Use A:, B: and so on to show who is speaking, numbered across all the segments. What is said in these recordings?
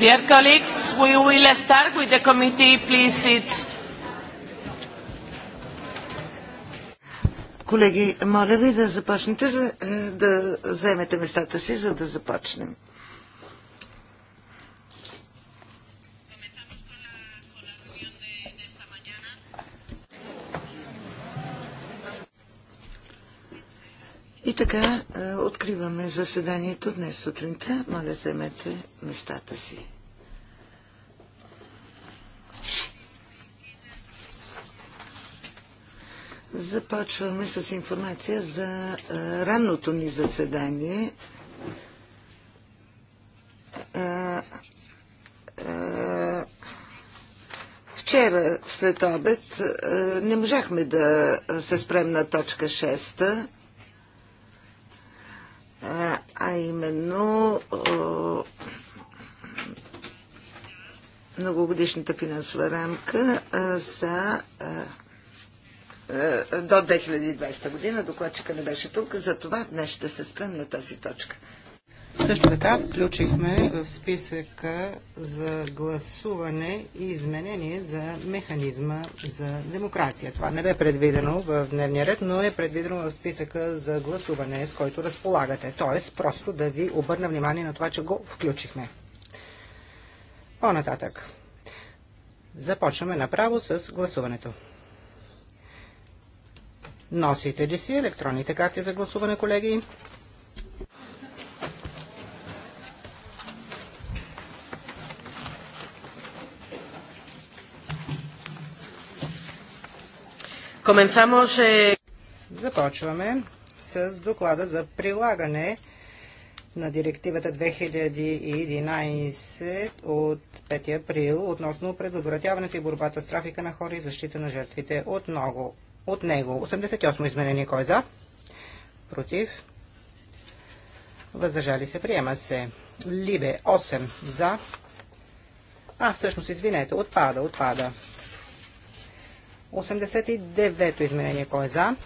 A: Dear colleagues, we will start with the committee. Please sit.
B: Колеги, моля ви да започнете е, да вземете местата си, за да започнем. така откриваме заседанието днес сутринта. Моля, вземете местата си. Започваме с информация за ранното ни заседание. Вчера след обед не можахме да се спрем на точка 6 а, а именно многогодишната финансова рамка за до 2020 година. Докладчика не беше тук, затова днес
C: ще се спрем на тази точка. Също така включихме в списъка за гласуване и изменение за механизма за демокрация. Това не бе предвидено в дневния ред, но е предвидено в списъка за гласуване, с който разполагате. Тоест, просто да ви обърна внимание на това, че го включихме. По-нататък. Започваме направо с гласуването. Носите ли си електронните карти за гласуване, колеги?
A: Comenzamos, eh, Започваме с доклада за
C: прилагане на директивата 2011 от 5 април относно предотвратяването и борбата с трафика на хора и защита на жертвите от, много, от него. 88 изменение кой е за? Против? Въздържали се. Приема се. Либе 8 за. А, всъщност, извинете, отпада, отпада. 89-то изменение. Кой е за?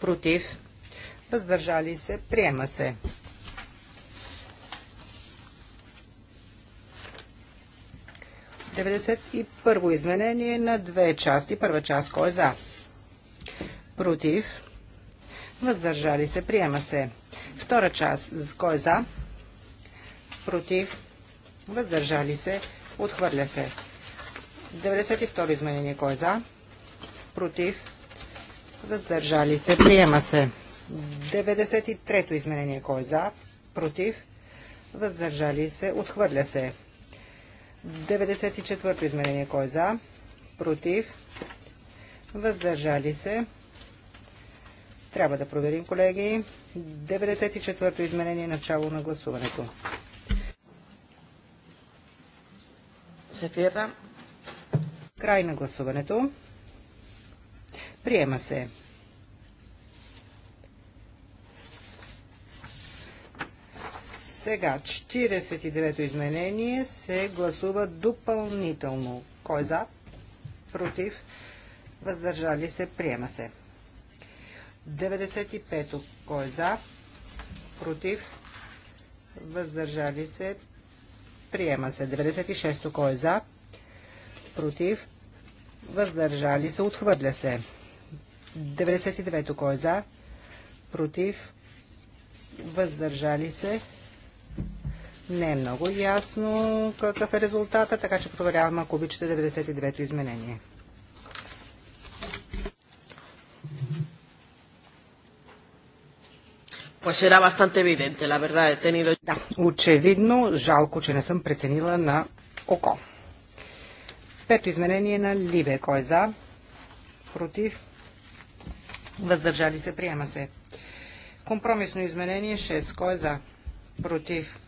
C: Против. Въздържали се. Приема се. и първо изменение на две части. Първа част. Кой е за? Против. Въздържали се. Приема се. Втора част. Кой е за? Против. Въздържали се. Отхвърля се. 92 изменение. Кой е за? Против? Въздържали се. Приема се. 93 изменение. Кой е за? Против? Въздържали се. Отхвърля се. 94 изменение. Кой е за? Против? Въздържали се. Трябва да проверим, колеги. 94-то изменение. Начало на гласуването. Сефирна. Край на гласуването. Приема се. Сега 49-то изменение се гласува допълнително. Кой е за? Против? Въздържали се? Приема се. 95-то. Кой е за? Против? Въздържали се? Приема се. 96-то. Кой е за? Против? въздържали се, отхвърля се. 99-то кой е за, против, въздържали се. Не е много ясно какъв е резултата, така че проверявам, ако обичате 99-то изменение.
A: Pues era bastante evidente, la verdad, he tenido... Да,
C: очевидно, жалко, че не съм преценила на око.
A: Пето изменение
C: на Либе. Кой е за? Против? Въздържали се? Приема се. Компромисно изменение 6. Кой е за? Против?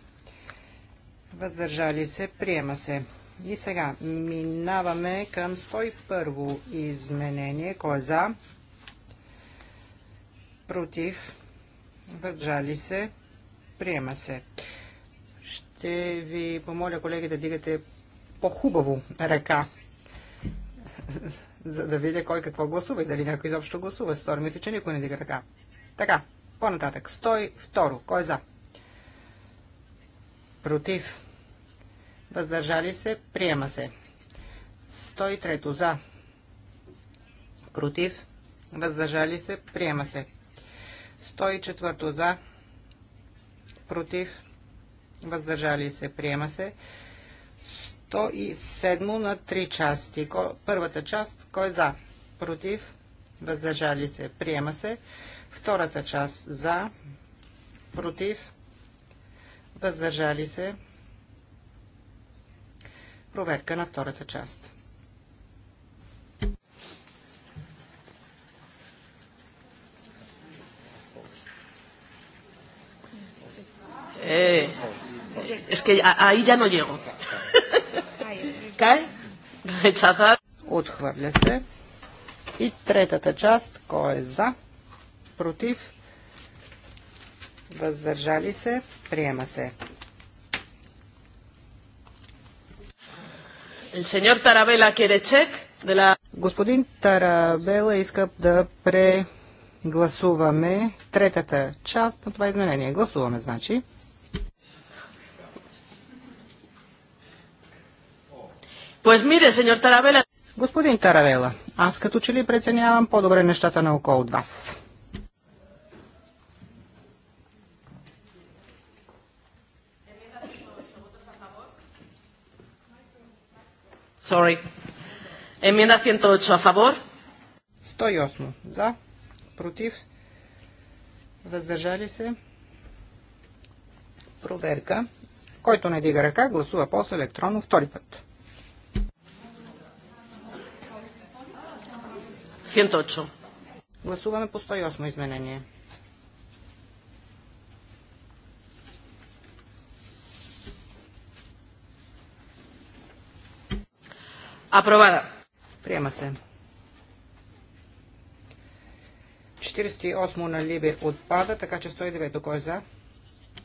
C: Въздържали се? Приема се. И сега минаваме към 101 изменение. Кой е за? Против? Въздържали се? Приема се. Ще ви помоля, колеги, да дигате по-хубаво ръка, за да видя кой какво гласува и дали някой изобщо гласува. Стори мисля, че никой не дига ръка. Така, по-нататък. 102. Кой е за? Против. Въздържали се. Приема се. 103. За. Против. Въздържали се. Приема се. 104. За. Против. Въздържали се. Приема се. 107 на три части. Първата част, кой е за? Против? Въздържали се? Приема се. Втората част за? Против? Въздържали се? Проверка на втората част.
A: Eh, es que ahí ya no llego cae.
C: Отхвърля се. И третата част, кой е за, против, въздържали се, приема се. Господин Тарабела иска да прегласуваме третата част на това изменение. Гласуваме, значи. Pues mire, señor Тарабела. Господин Таравела, аз като че ли преценявам по-добре нещата на око от вас.
A: Sorry. 108 а фавор. 108 за, против, въздържали се. Проверка.
C: Който не дига ръка, гласува после електронно втори път.
A: 108. Гласуваме по 108 изменение. Апровада.
C: Приема се. 48 на Либи отпада, така че 109 кой е за?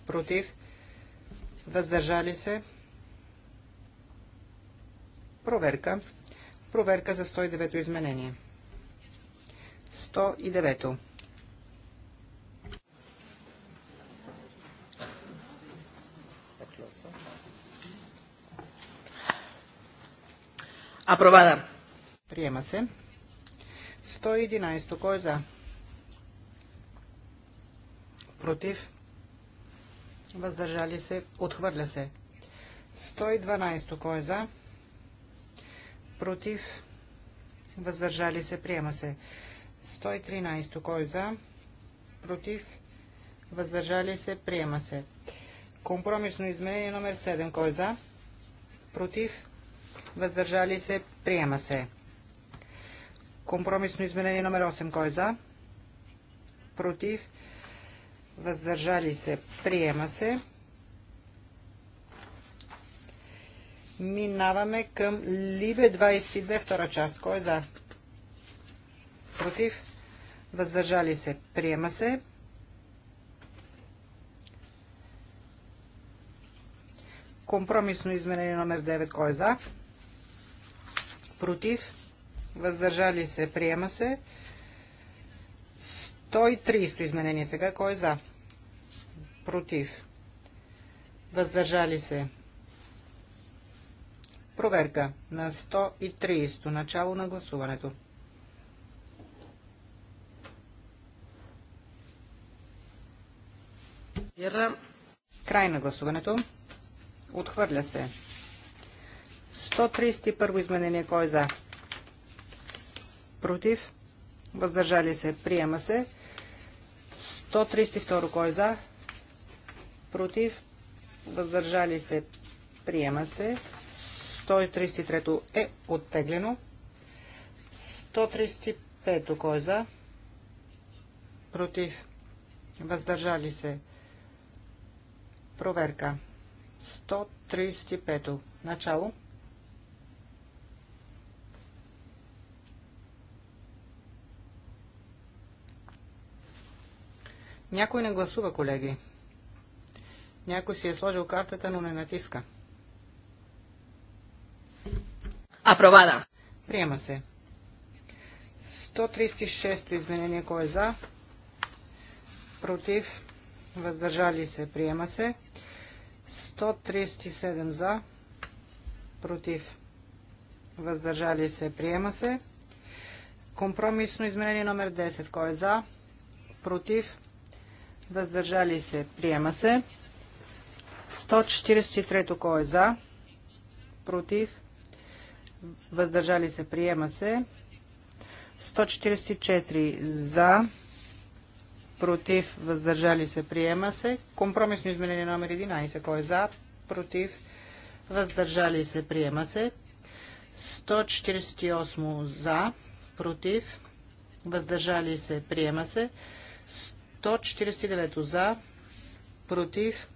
C: Против? Въздържали се? Проверка. Проверка за 109 изменение. 109. Апровада. Приема се. 111. Кой е за? Против. Въздържали се. Отхвърля се. 112. Кой е за? Против. Въздържали се. Приема се. 113. Кой е за? Против? Въздържали се? Приема се. Компромисно изменение номер 7. Кой е за? Против? Въздържали се? Приема се. Компромисно изменение номер 8. Кой е за? Против? Въздържали се? Приема се. Минаваме към Либе 22, втора част. Кой е за? против, въздържали се, приема се. Компромисно изменение номер 9, кой е за? Против, въздържали се, приема се. 130 изменение сега, кой е за? Против, въздържали се. Проверка на 130 начало на гласуването. Край на гласуването. Отхвърля се. 131 изменение. Кой е за? Против? Въздържали се. Приема се. 132 кой е за? Против? Въздържали се. Приема се. 133 е оттеглено. 135 кой е за? Против? Въздържали се. Проверка. 135. Начало. Някой не гласува, колеги. Някой си е сложил картата, но не натиска. Апровада. Приема се. 136-то извинение, Кой е за? Против? Въздържали се. Приема се. 137 за, против, въздържали се, приема се. Компромисно изменение номер 10. Кой е за? Против? Въздържали се? Приема се. 143-то кой е за? Против? Въздържали се? Приема се. 144 за? против, въздържали се, приема се. Компромисно изменение номер 11, кой е за, против, въздържали се, приема се. 148 за, против, въздържали се, приема се. 149 за, против,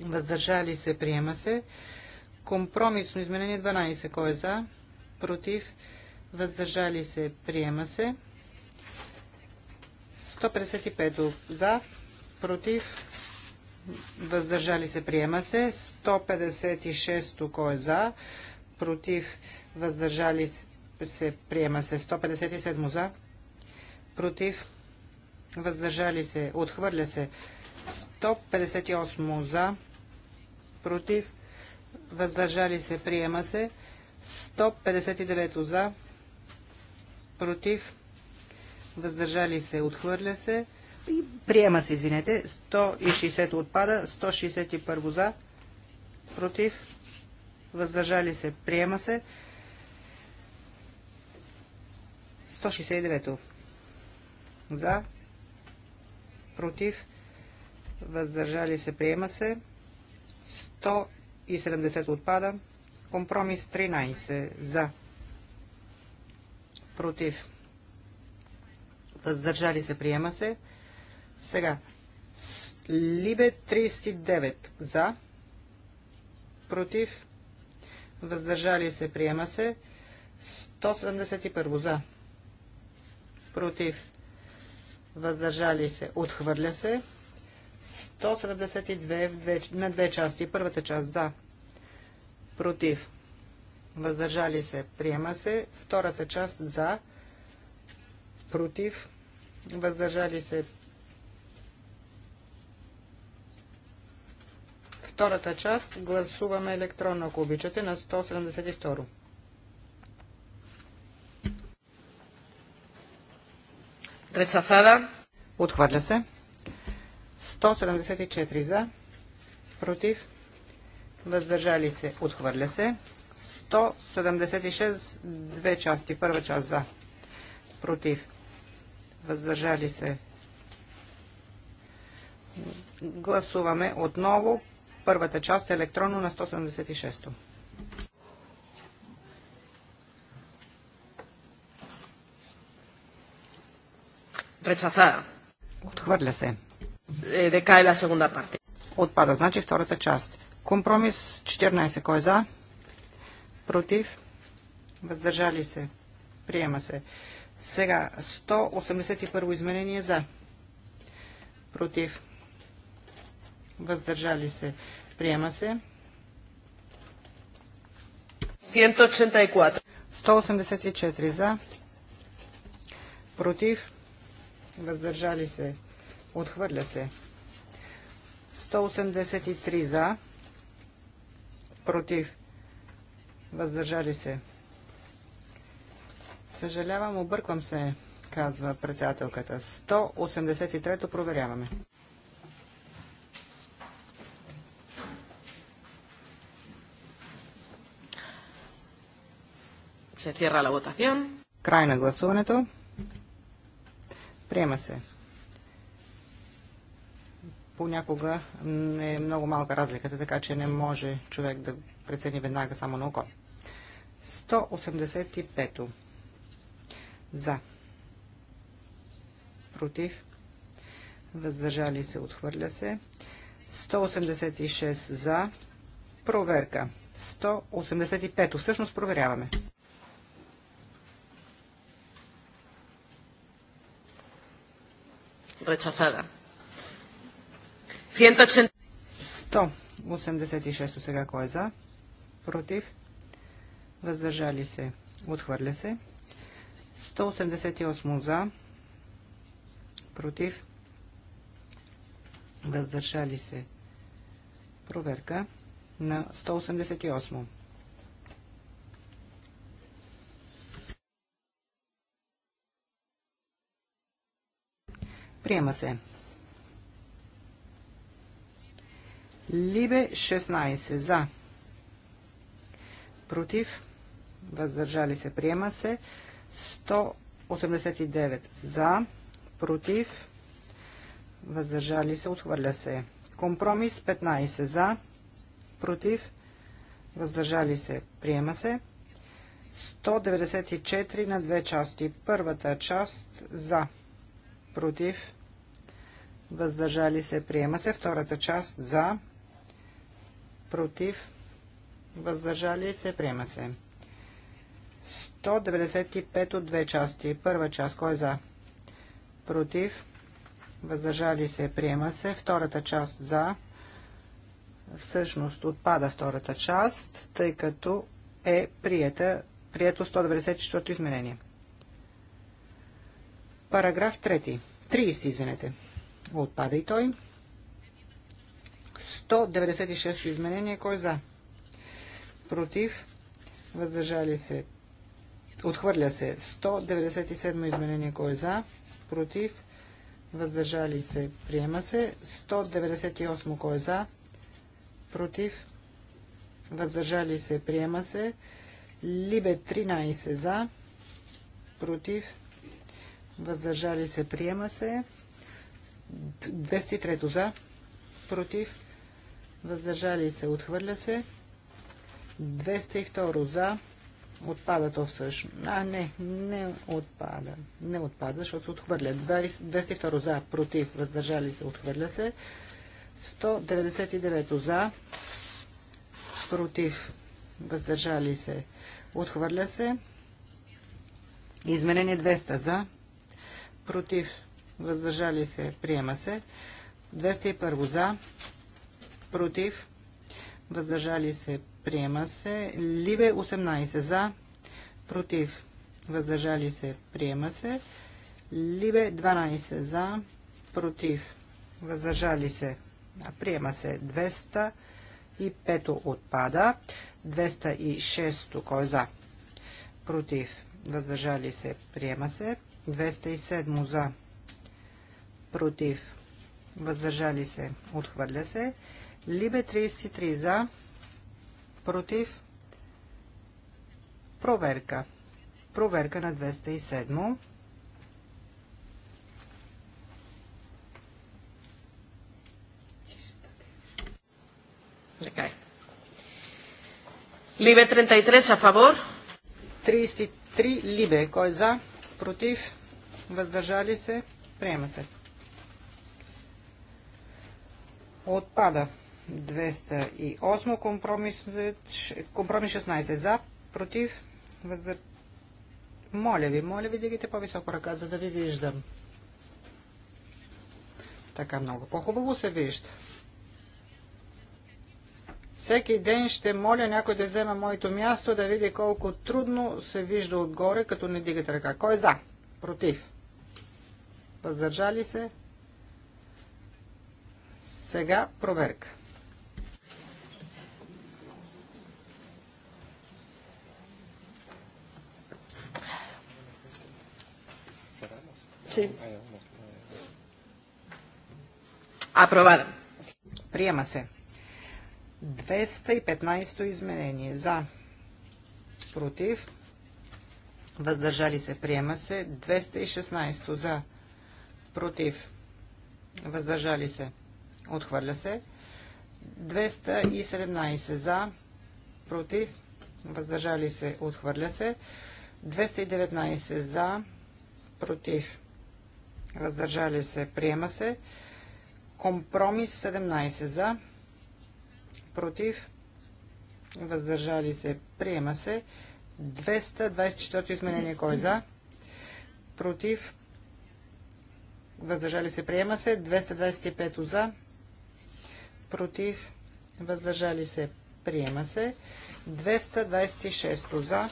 C: въздържали се, приема се. Компромисно изменение 12, кой е за, против, въздържали се, приема се. 155 за, против, въздържали се, приема се. 156 кой е за, против, въздържали се, приема се. 157 за, против, въздържали се, отхвърля се. 158 за, против, въздържали се, приема се. 159 за, против, въздържали се, отхвърля се. И приема се, извинете, 160 отпада, 161 за, против, въздържали се, приема се. 169 за, против, въздържали се, приема се. 170 отпада. Компромис 13 за. Против въздържали се, приема се. Сега, Либе 39 за, против, въздържали се, приема се. 171 за, против, въздържали се, отхвърля се. 172 на две части. Първата част за, против, въздържали се, приема се. Втората част за, против, въздържали се. Втората част гласуваме електронно, ако обичате, на 172. Рецафада. Отхвърля се. 174 за. Против. Въздържали се. Отхвърля се. 176. Две части. Първа част за. Против въздържали се. Гласуваме отново първата част електронно на 176-то. Rechazada. Отхвърля се.
A: е ла сегунда
C: парти. Отпада, значи втората част. Компромис 14. Кой е за? Против? Въздържали се. Приема се. Сега, 181 изменение за. Против. Въздържали се. Приема се. 184. 184 за. Против. Въздържали се. Отхвърля се. 183 за. Против. Въздържали се. Съжалявам, обърквам се, казва председателката. 183-то
A: проверяваме. Се цирра ла votación.
C: Край на гласуването. Приема се. Понякога е много малка разликата, така че не може човек да прецени веднага само на око. 185-то. За. Против. Въздържали се. Отхвърля се. 186 за. Проверка. 185. Всъщност проверяваме. Rechazada. 186 сега кой е за? Против? Въздържали се? Отхвърля се. 188 за, против, въздържали се. Проверка на 188. Приема се. Либе 16 за. Против. Въздържали се. Приема се. 189 за, против, въздържали се, отхвърля се. Компромис 15 за, против, въздържали се, приема се. 194 на две части. Първата част за, против, въздържали се, приема се. Втората част за, против, въздържали се, приема се. 195 от две части. Първа част, кой е за? Против. Въздържали се, приема се. Втората част за. Всъщност отпада втората част, тъй като е прията, прието 194 изменение. Параграф 3. 30, извинете. Отпада и той. 196 изменение. Кой е за? Против. Въздържали се. Отхвърля се. 197 изменение. Кой е за? Против? Въздържали се. Приема се. 198 кой е за? Против? Въздържали се. Приема се. Либе 13 за. Против? Въздържали се. Приема се. 203 за. Против? Въздържали се. Отхвърля се. 202 за Отпада то всъщност. А, не, не отпада. Не отпада, защото се отхвърля. 202 за, против, въздържали се, отхвърля се. 199 за, против, въздържали се, отхвърля се. Изменение 200 за, против, въздържали се, приема се. 201 за, против, въздържали се, приема се. Либе 18 за, против, въздържали се, приема се. Либе 12 за, против, въздържали се, приема се 205 отпада, 206 кой е за, против, въздържали се, приема се, 207 за, против, въздържали се, отхвърля се, либе 33 за, против, Проверка. Проверка на 207.
A: Така е. Либе 33 са фавор. 33
C: Либе. Кой е за? Против? Въздържали се? Приема се. Отпада. 208 компромис, компромис 16 за, против, Въздър... Моля ви, моля ви, дигайте по-високо ръка, за да ви виждам. Така много по-хубаво се вижда. Всеки ден ще моля някой да взема моето място, да види колко трудно се вижда отгоре, като не дигате ръка. Кой е за? Против? Въздържали се? Сега проверка. Sí. Приема се. 215 изменение. За. Против. Въздържали се. Приема се. 216 за. Против. Въздържали се. Отхвърля се. 217 за. Против. Въздържали се. Отхвърля се. 219 за. Против въздържали се, приема се. Компромис 17 за, против, въздържали се, приема се. 224 изменение, кой е за, против, въздържали се, приема се. 225 за, против, въздържали се, приема се. 226 за,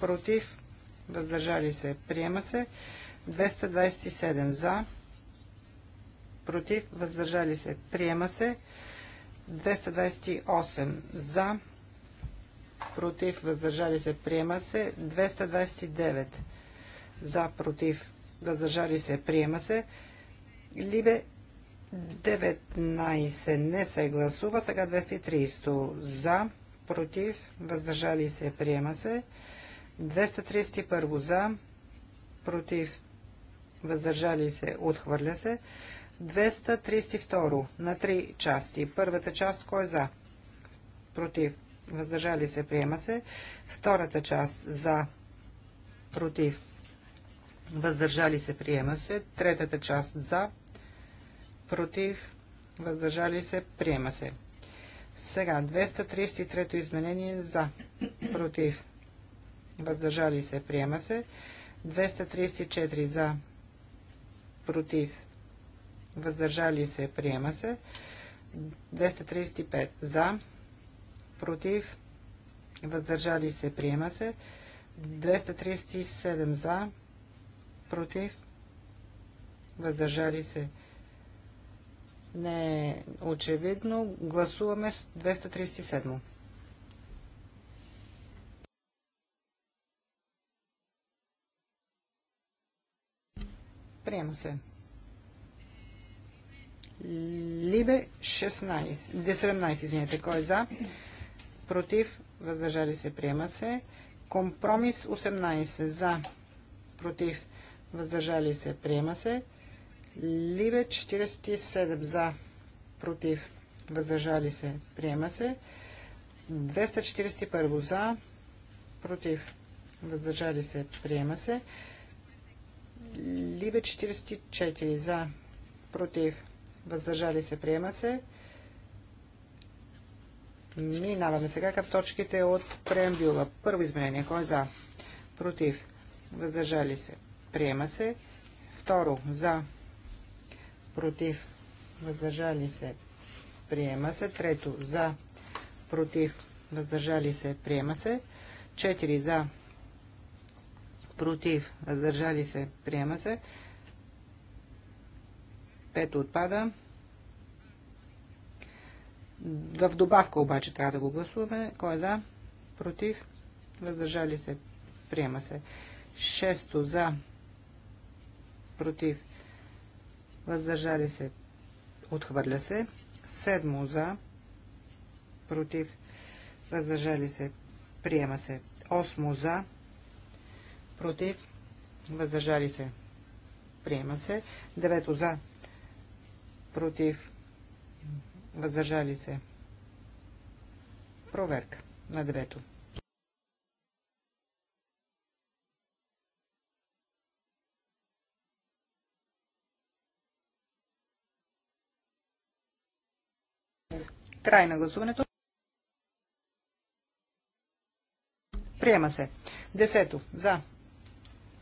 C: против, въздържали се, приема се. 227 за, против, въздържали се, приема се. 228 за, против, въздържали се, приема се. 229 за, против, въздържали се, приема се. Либе 19 не се гласува, сега 230 за, против, въздържали се, приема се. 231 за, против, въздържали се, отхвърля се. 232 на три части. Първата част кой е за? Против. Въздържали се, приема се. Втората част за, против. Въздържали се, приема се. Третата част за, против. Въздържали се, приема се. Сега, 233 изменение за, против. Въздържали се, приема се. 234 за, против, въздържали се, приема се. 235 за, против, въздържали се, приема се. 237 за, против, въздържали се. Не е очевидно. Гласуваме 237. Приема се. Либе 16, 17, извинете, кой е за? Против, въздържали се, приема се. Компромис 18, за, против, въздържали се, приема се. Либе 47, за, против, въздържали се, приема се. 241 за, против, въздържали се, приема се. Либе 44 за, против, въздържали се, приема се. Минаваме сега към точките от преамбюла. Първо изменение. Кой е за? Против. Въздържали се. Приема се. Второ. За. Против. Въздържали се. Приема се. Трето. За. Против. Въздържали се. Приема се. Четири. За против, въздържали се, приема се. 5 отпада. В добавка обаче трябва да го гласуваме. Кой е за? Против? Въздържали се? Приема се. 6 за. Против? Въздържали се? Отхвърля се. Седмо за. Против? Въздържали се? Приема се. Осмо за против, въздържали се, приема се. Девето за, против, въздържали се. Проверка на девето. Край на гласуването. Приема се. Десето. За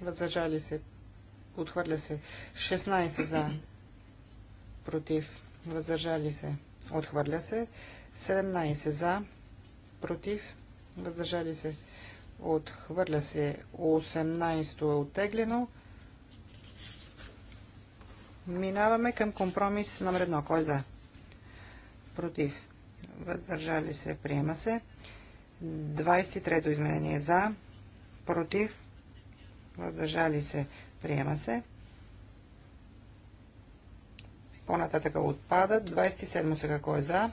C: въздържали се, отхвърля се 16 за, против, въздържали се, отхвърля се 17 за, против, въздържали се, отхвърля се 18 е оттеглено. Минаваме към компромис номер 1. Кой е за? Против. Въздържали се. Приема се. 23-то изменение е за. Против въздържали се, приема се. по отпадат. 27 сега кой е за,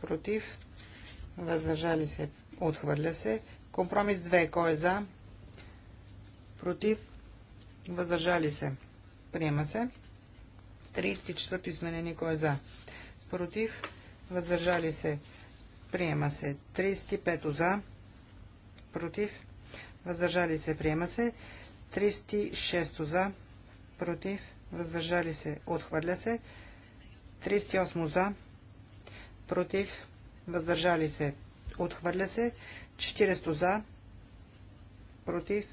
C: против, въздържали се, отхвърля се. Компромис 2 кой е за, против, въздържали се, приема се. 34 изменение кой е за, против, въздържали се, приема се. 35 за, против, въздържали се, приема се. 306 за, против, въздържали се, отхвърля се. 308 за, против, въздържали се, отхвърля се. 40 за, против,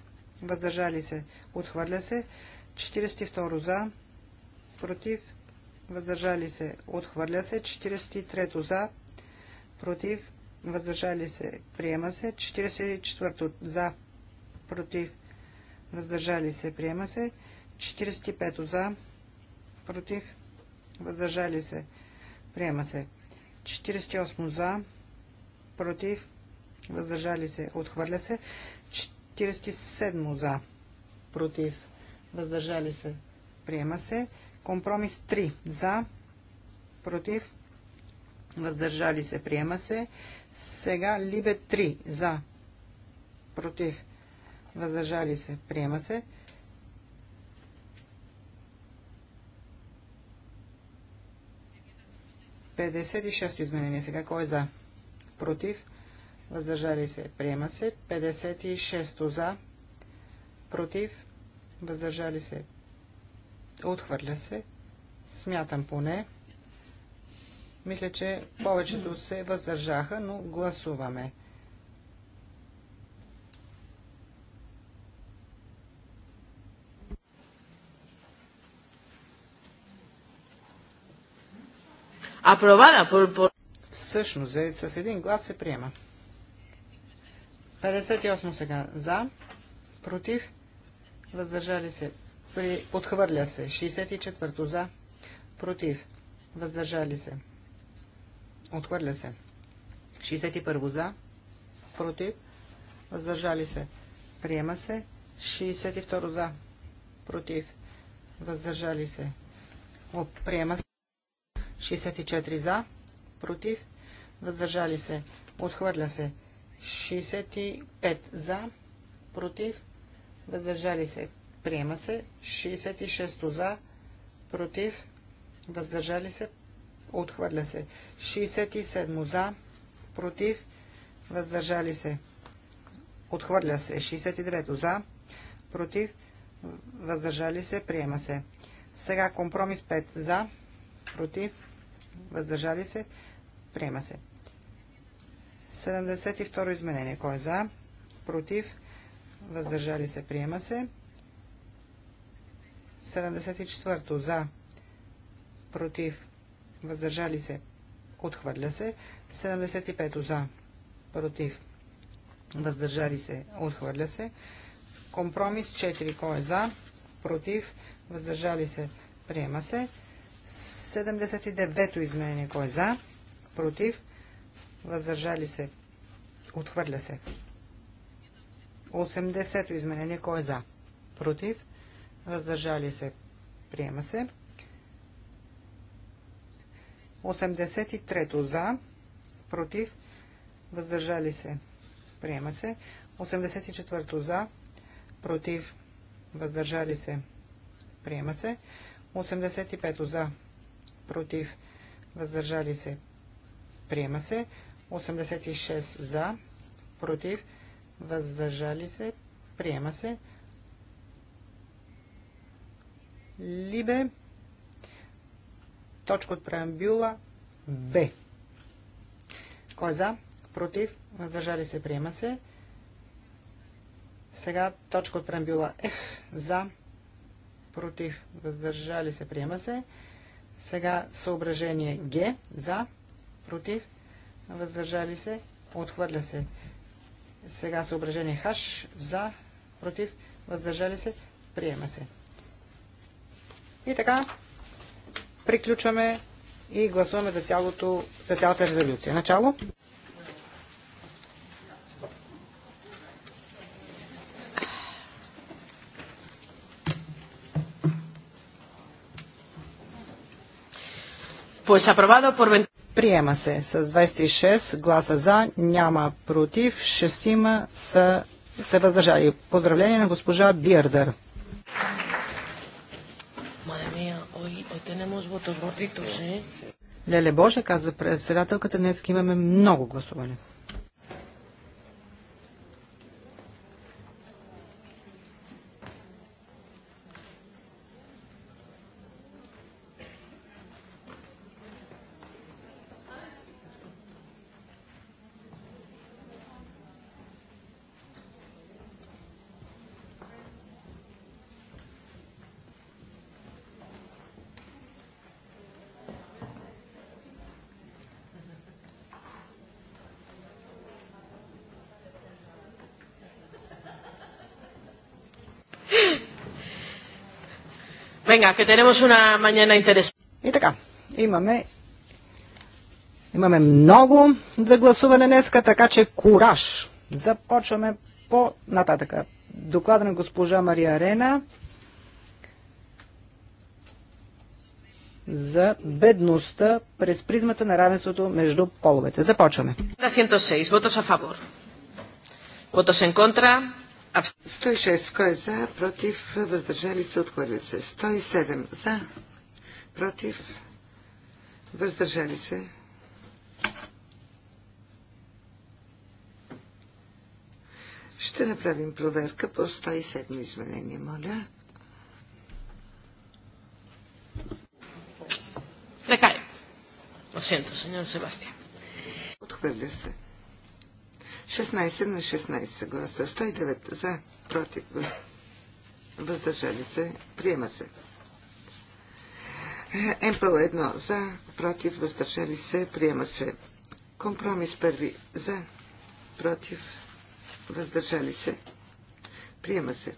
C: въздържали се, отхвърля се. 42 за, против, въздържали се, отхвърля се. 43 за, против, въздържали се, приема се. 44 за, против, въздържали се, приема се. 45 за, против, въздържали се, приема се. 48 за, против, въздържали се, отхвърля се. 47 за, против, въздържали се, приема се. Компромис 3 за, против, въздържали се, приема се. Сега Либе 3 за, против, въздържали се, приема се. Петдесет и шесто изменение сега. Кой е за? Против? Въздържали се, приема се. 56 за. Против? Въздържали се. Отхвърля се. Смятам поне. Мисля, че повечето се въздържаха, но гласуваме. Апробада по... по... Всъщност, с един глас се приема. 58 сега. За. Против. Въздържали се. При... Отхвърля се. 64 за. Против. Въздържали се. Отхвърля се. 61 за. Против. Въздържали се. Приема се. 62 за. Против. Въздържали се. О, приема се. 64 за, против, въздържали се, отхвърля се. 65 за, против, въздържали се, приема се. 66 за, против, въздържали се, отхвърля се. 67 за, против, въздържали се, отхвърля се. 69 за, против, въздържали се, приема се. Сега компромис 5 за, против, въздържали се, приема се. 72 изменение. Кой е за? Против? Въздържали се? Приема се. 74 за? Против? Въздържали се? Отхвърля се. 75 за? Против? Въздържали се? Отхвърля се. Компромис 4. Кой е за? Против? Въздържали се? Приема се. 79-то изменение. Кой е за? Против? Въздържали се? Отхвърля се. 80-то изменение. Кой е за? Против? Въздържали се? Приема се. 83-то за? Против? Въздържали се? Приема се. 84-то за? Против? Въздържали се? Приема се. 85 за, против, въздържали се, приема се. 86 за, против, въздържали се, приема се. Либе, точка от преамбюла Б. Кой е за? Против, въздържали се, приема се. Сега точка от преамбюла F за, против, въздържали се, приема се. Сега съображение Г. За. Против. Въздържали се. Отхвърля се. Сега съображение Х. За. Против. Въздържали се. Приема се. И така, приключваме и гласуваме за, цялото, за цялата резолюция. Начало.
A: Pues aprobado por
C: Приема се с 26 гласа за, няма против, шестима са се въздържали. Поздравление на госпожа Бирдър. Леле Боже, каза председателката, днес имаме много гласуване.
A: Venga, que tenemos una mañana интересна. И така, имаме
C: Имаме много за гласуване днеска, така че кураж. Започваме по нататък Доклада на госпожа Мария Арена за бедността през призмата на равенството между половете. Започваме.
A: 106. Вотос а фавор. Вотос en contra. 106. Кой е за?
B: Против? Въздържали се? Отхвърля се. 107. За? Против? Въздържали се? Ще направим проверка по 107 изменение,
A: моля. Така е.
B: Отхвърля се. 16 на 16 гласа. 109 за, против, въздържали се, приема се. МПЛ 1 за, против, въздържали се, приема се. Компромис първи за, против, въздържали се, приема се.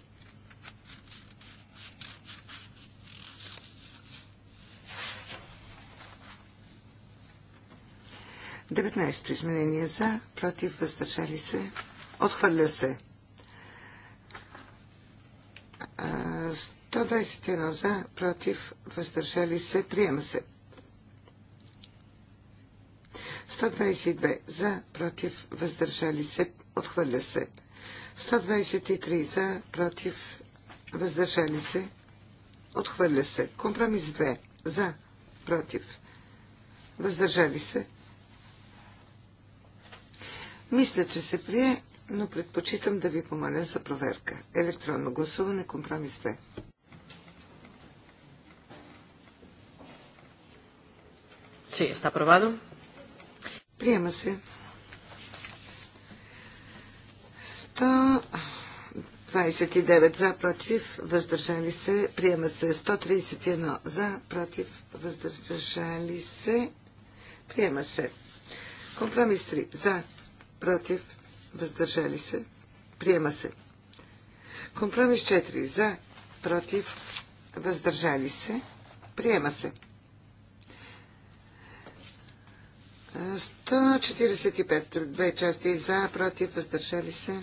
B: 19 изменения за, против, въздържали се, отхвърля се. 121 за, против, въздържали се, приема се. 122 за, против, въздържали се, отхвърля се. 123 за, против, въздържали се, отхвърля се. Компромис 2 за, против, въздържали се, мисля, че се прие, но предпочитам да ви помоля за проверка. Електронно гласуване, компромис 2.
A: Sí, está aprobado.
B: Приема се. 129 за, против, въздържали се. Приема се 131 за, против, въздържали се. Приема се. Компромис 3 за, против, въздържали се, приема се. Компромис 4 за, против, въздържали се, приема се. 145, две части за, против, въздържали се.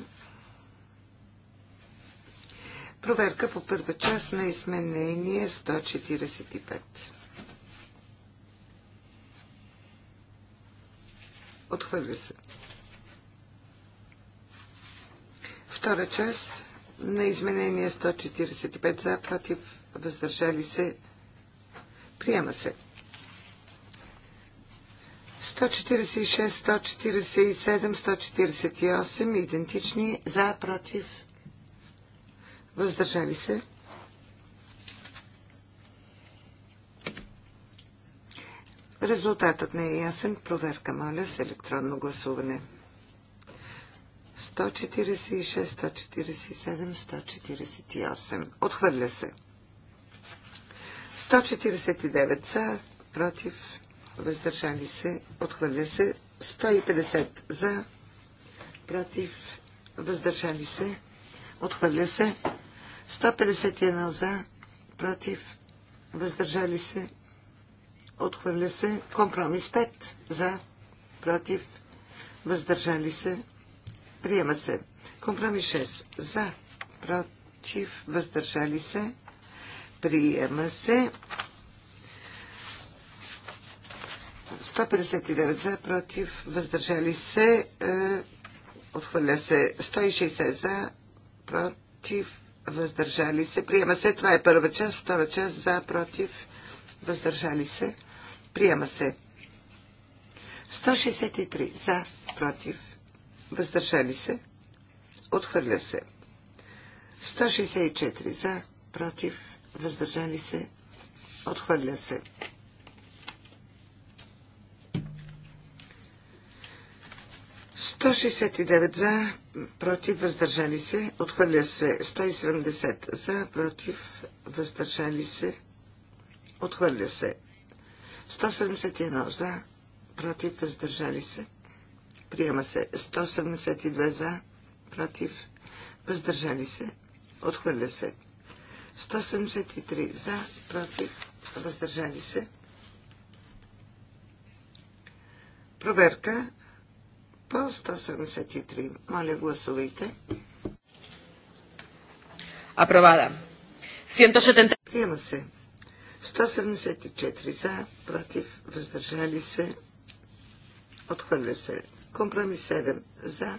B: Проверка по първа част на изменение 145. Отхвърля се. Втора част на изменение 145 за, против, въздържали се, приема се. 146, 147, 148 идентични за, против, въздържали се. Резултатът не е ясен. Проверка, моля, с електронно гласуване. 146, 147, 148. Отхвърля се. 149 за, против, въздържали се, отхвърля се. 150 за, против, въздържали се, отхвърля се. 151 за, против, въздържали се, отхвърля се. Компромис 5 за, против, въздържали се, Приема се. Компромис 6. За. Против. Въздържали се. Приема се. 159 за, против, въздържали се, е, отхвърля се 160 за, против, въздържали се, приема се. Това е първа част, втора част за, против, въздържали се, приема се. 163 за, против, въздържали се, отхвърля се. 164 за, против, въздържали се, отхвърля се. Сто за, против, въздържали се, отхвърля се. 170 за, против, въздържали се, отхвърля се. 171 за, против, въздържали се, Приема се 172 за, против, въздържали се, отхвърля се. 173 за, против, въздържали се. Проверка по 173. Моля, гласувайте. Апровада. 170. Приема се. 174 за, против, въздържали се, отхвърля се. Компромис 7. За,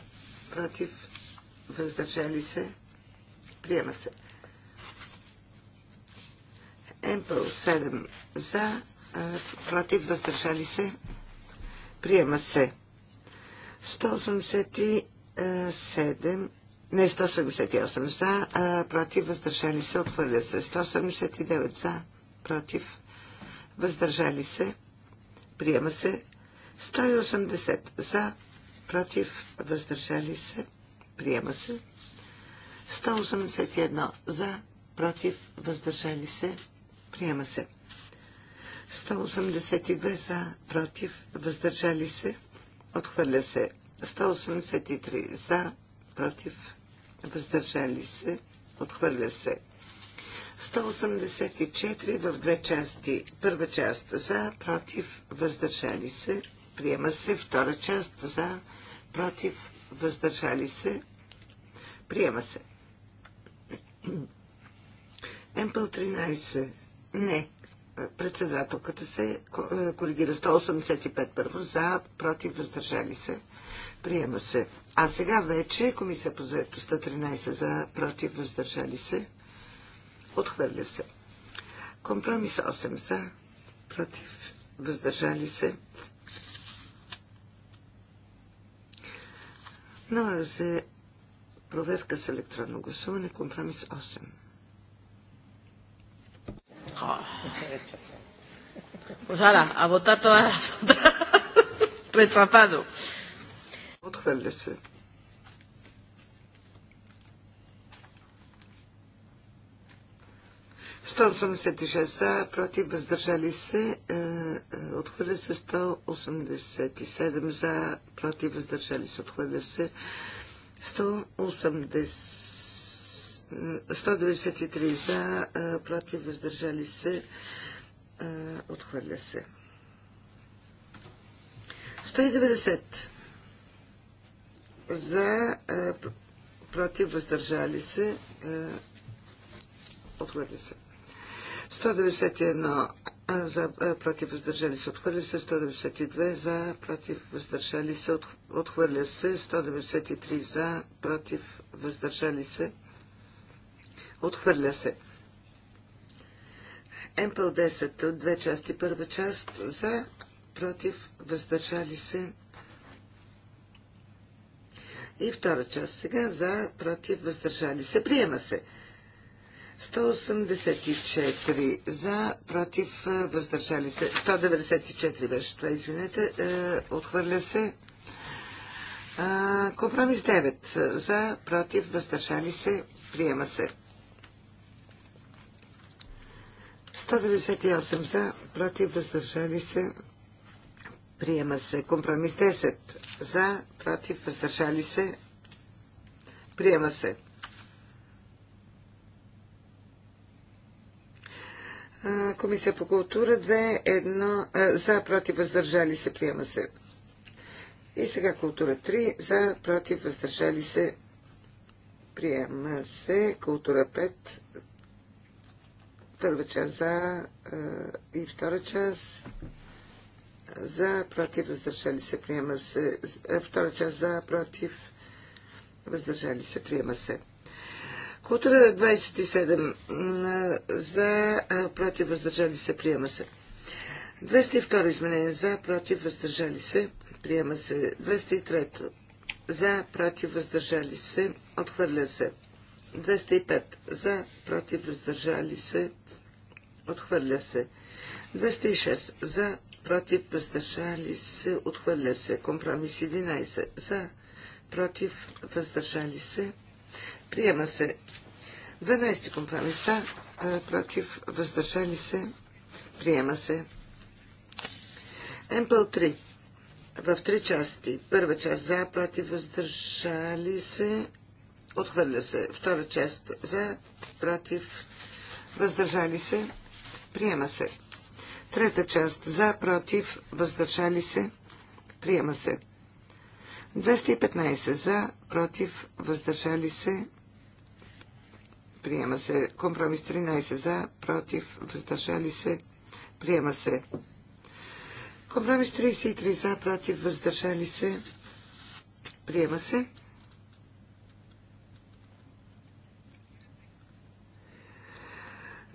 B: против, въздържали се, приема се. Емпъл 7. За, против, въздържали се, приема се. 187 не 178 за, а, против, въздържали се, отхвърля се. 179 за, против, въздържали се, приема се. 180 за, против, въздържали се, приема се. 181 за, против, въздържали се, приема се. 182 за, против, въздържали се, отхвърля се. 183 за, против, въздържали се, отхвърля се. 184 в две части. Първа част за, против, въздържали се, приема се. Втора част за, против, въздържали се, приема се. МПЛ 13. Не. Председателката се е, коригира 185 първо за, против, въздържали се. Приема се. А сега вече комисия по заедостта 13 за, против, въздържали се. Отхвърля се. Компромис 8 за, против, въздържали се. Налага се проверка с електронно гласуване, компромис 8.
A: Pues ala, a votar todas las otras. Rechazado. Отхвърля се.
B: 186 е, е, за, против, въздържали се. Отхвърля се 187 е, за, против, въздържали се. Отхвърля се 180, 193 за, против, въздържали се. Отхвърля се. 190 за, против, въздържали се. Отхвърля се. 191 за против въздържали се отхвърля се, 192 за против въздържали се отхвърля се, 193 за против въздържали се отхвърля се. МПЛ 10 от две части. Първа част за против въздържали се и втора част сега за против въздържали се. Приема се. 184 за, против, въздържали се. 194 беше това, извинете. Е, отхвърля се. компромис 9 за, против, въздържали се. Приема се. 198 за, против, въздържали се. Приема се. Компромис 10 за, против, въздържали се. Приема се. Комисия по култура 2, 1, за, против, въздържали се, приема се. И сега култура 3, за, против, въздържали се, приема се. Култура 5, първа част за и втора част за, против, въздържали се, приема се. Втора част за, против, въздържали се, приема се. Култура 27 за, против, въздържали се, приема се. 202 изменение за, против, въздържали се, приема се. 203 за, против, въздържали се, отхвърля се. 205 за, против, въздържали се, отхвърля се. 206 за, против, въздържали се, отхвърля се. Компромис 11 за, против, въздържали се, Приема се 12 компромиса против въздържали се. Приема се. МПЛ 3 в три части. Първа част за, против, въздържали се. Отхвърля се. Втора част за, против, въздържали се. Приема се. Трета част за, против, въздържали се. Приема се. 215 за, против, въздържали се приема се. Компромис 13 за, против, въздържали се, приема се. Компромис 33 за, против, въздържали се, приема се.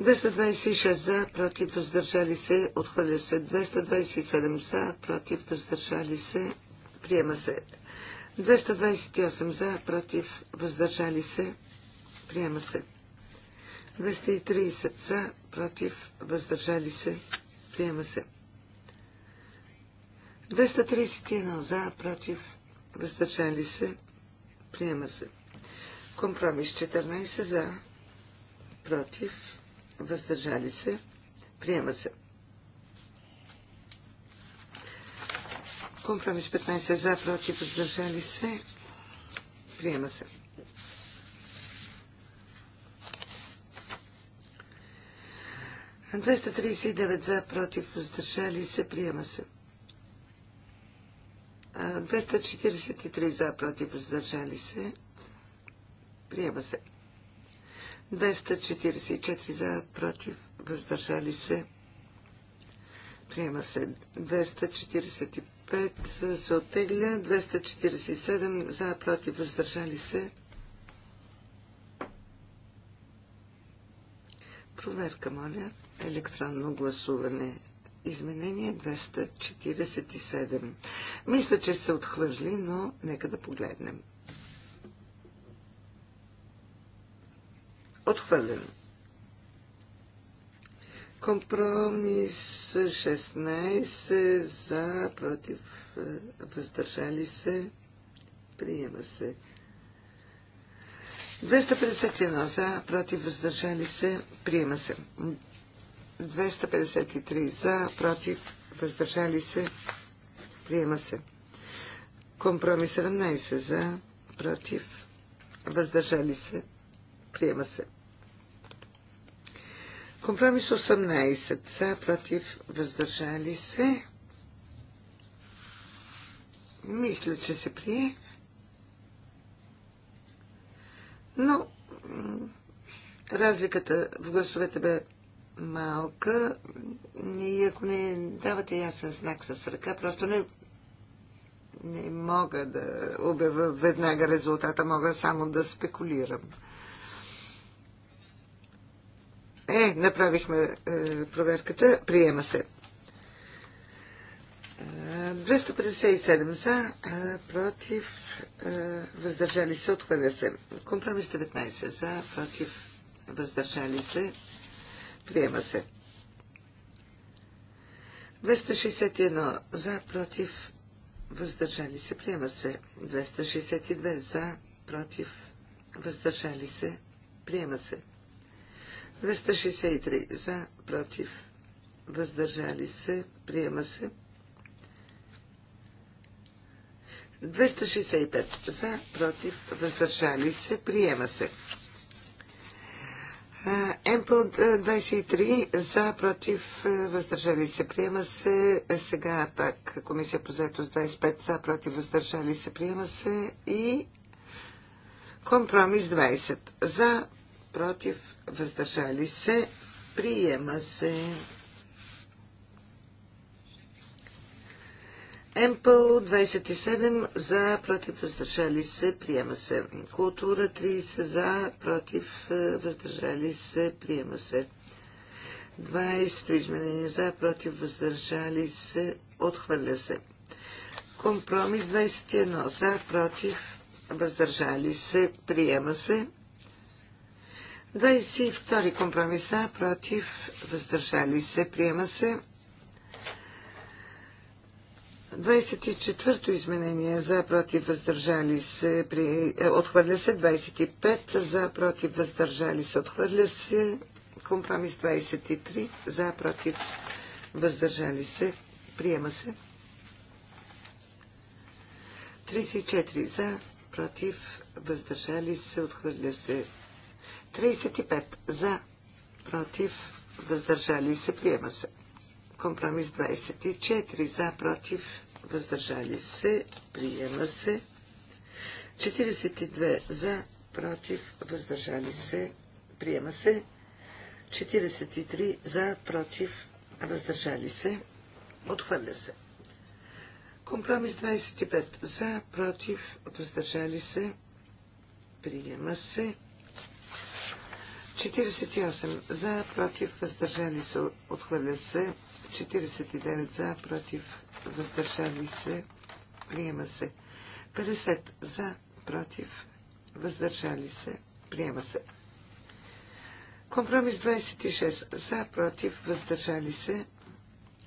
B: Двеста за, против, въздържали се, отхвърля се. 227 за, против, въздържали се, приема се. 228 за, против, въздържали се, приема се. 230 за, против, въздържали се, приема се. 231 за, против, въздържали се, приема се. Компромис 14 за, против, въздържали се, приема се. Компромис 15 за, против, въздържали се, приема се. 239 за, против, въздържали се, приема се. 243 за, против, въздържали се, приема се. 244 за, против, въздържали се, приема се. 245 се оттегля, 247 за, против, въздържали се. Проверка, моля електронно гласуване. Изменение 247. Мисля, че се отхвърли, но нека да погледнем. Отхвърлено. Компромис 16 за, против, въздържали се, приема се. 251 за, против, въздържали се, приема се. 253 за, против, въздържали се, приема се. Компромис 17 за, против, въздържали се, приема се. Компромис 18 за, против, въздържали се. Мисля, че се прие. Но разликата в гласовете бе малка и ако не давате ясен знак с ръка, просто не, не мога да обява веднага резултата, мога само да спекулирам. Е, направихме е, проверката, приема се. 257 за, е, против, е, въздържали се, отхвърля се. Компромис 19 за, против, въздържали се, Приема се. 261 за, против, въздържали се. Приема се. 262 за, против, въздържали се. Приема се. 263 за, против, въздържали се. Приема се. 265 за, против, въздържали се. Приема се. МПЛ 23 за, против, въздържали се, приема се. Сега пак Комисия по заетост 25 за, против, въздържали се, приема се. И компромис 20 за, против, въздържали се, приема се. МПЛ 27 за, против, въздържали се, приема се. Култура 30 за, против, е, въздържали се, приема се. 20 изменение за, против, въздържали се, отхвърля се. Компромис 21 за, против, въздържали се, приема се. 22 компромиса против, въздържали се, приема се. 24-то изменение за против въздържали се при... Е, отхвърля се 25 за против въздържали се отхвърля се компромис 23 за против въздържали се приема се 34 за против въздържали се отхвърля се 35 за против въздържали се приема се Компромис 24 за, против, въздържали се, приема се. 42 за, против, въздържали се, приема се. 43 за, против, въздържали се, отхвърля се. Компромис 25 за, против, въздържали се, приема се. 48 за, против, въздържали се, отхвърля се. 49 за, против, въздържали се, приема се. 50 за, против, въздържали се, приема се. Компромис 26 за, против, въздържали се,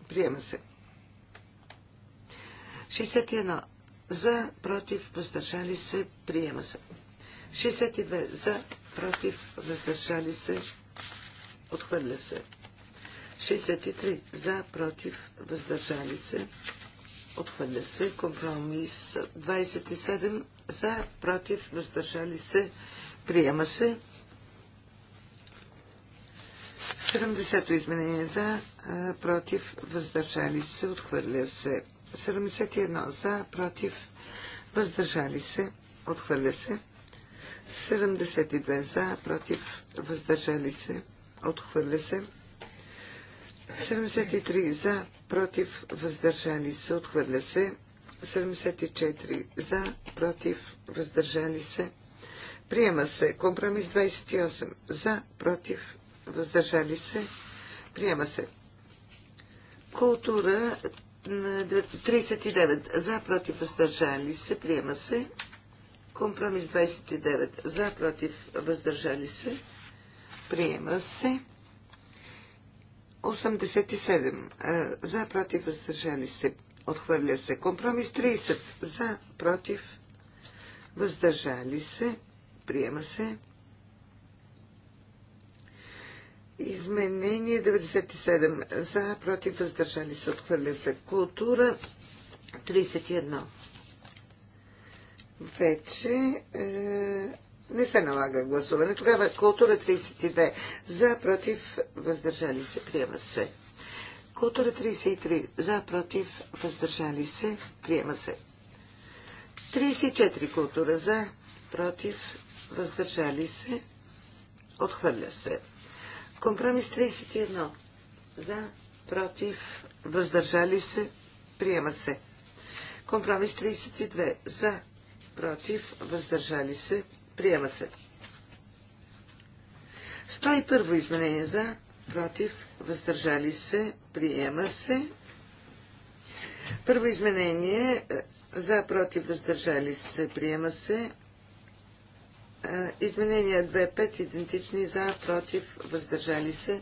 B: приема се. 61 за, против, въздържали се, приема се. 62 за, против, въздържали се, отхвърля се. 63 за, против, въздържали се. Отхвърля се. Компромис 27 за, против, въздържали се. Приема се. 70-то изменение за, против, въздържали се. Отхвърля се. 71 за, против, въздържали се. Отхвърля се. 72 за, против, въздържали се. Отхвърля се. 73 за, против, въздържали се, отхвърля се. 74 за, против, въздържали се. Приема се. Компромис 28 за, против, въздържали се. Приема се. Култура 39 за, против, въздържали се. Приема се. Компромис 29 за, против, въздържали се. Приема се. 87 е, за, против, въздържали се. Отхвърля се. Компромис 30 за, против, въздържали се. Приема се. Изменение 97 за, против, въздържали се. Отхвърля се. Култура 31. Вече е, не се налага гласуване. Тогава култура 32. За, против, въздържали се. Приема се. Култура 33. За, против, въздържали се. Приема се. 34. Култура. За, против, въздържали се. Отхвърля се. Компромис 31. За, против, въздържали се. Приема се. Компромис 32. За, против, въздържали се. Приема се. 101 изменение за, против, въздържали се, приема се. Първо изменение е, за, против, въздържали се, приема се. Е, изменения 2-5 идентични за, против, въздържали се,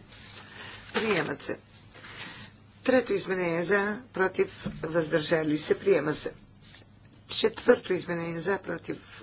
B: приемат се. Трето изменение за, против, въздържали се, приема се. Четвърто изменение за, против,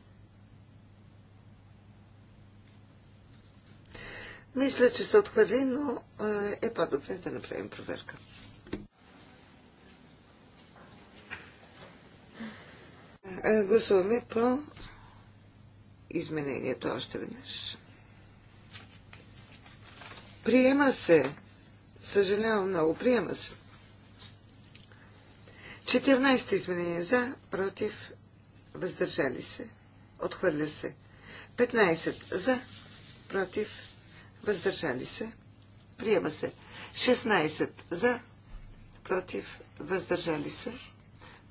B: Мисля, че се отхвърли, но е по-добре да направим проверка. Гласуваме по изменението още веднъж. Приема се. Съжалявам много. Приема се. 14 изменение за, против, въздържали се. Отхвърля се. 15 за, против, въздържали се, приема се. 16 за, против, въздържали се,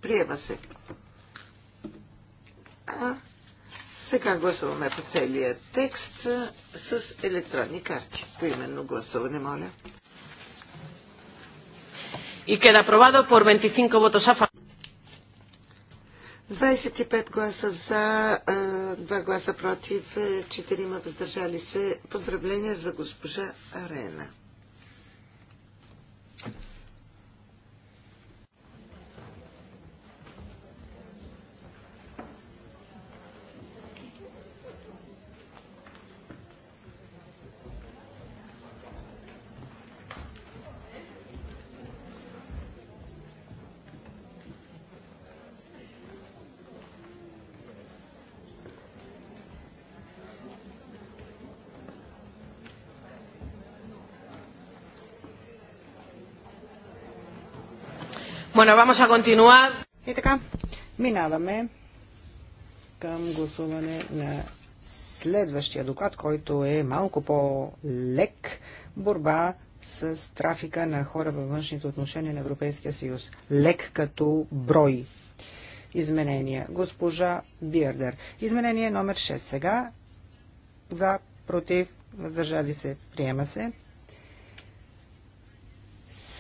B: приема се. А сега гласуваме по целия текст с електронни карти. Поименно гласуване, моля.
A: И queda aprobado por 25 votos a 25 гласа за,
B: Два гласа против, е, Четирима въздържали се. Поздравления за госпожа Арена.
A: Bueno, vamos a continuar.
C: И така, минаваме към гласуване на следващия доклад, който е малко по-лек борба с трафика на хора във външните отношения на Европейския съюз. Лек като брой изменения. Госпожа Бирдер. Изменение номер 6 сега. За, против, въздържали се, приема се.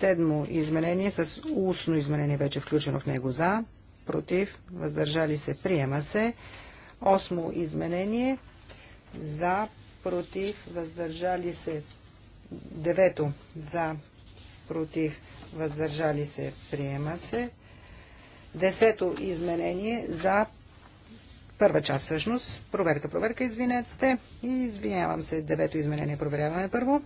C: Седмо изменение с устно изменение вече включено в него за, против, въздържали се, приема се. Осмо изменение за, против, въздържали се. Девето за, против, въздържали се, приема се. Десето изменение за първа част всъщност. Проверка, проверка, извинете. И извинявам се, девето изменение проверяваме първо.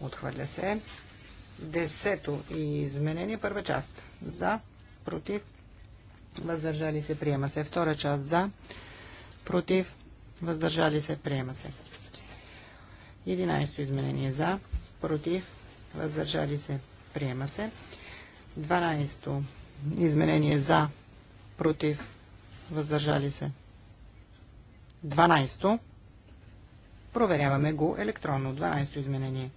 C: Отхвърля се. Десето изменение, първа част. За, против, въздържали се, приема се. Втора част за, против, въздържали се, приема се. Единайсто изменение за, против, въздържали се, приема се. Дванайсто изменение за, против, въздържали се. Дванайсто. Проверяваме го електронно. 12-то изменение.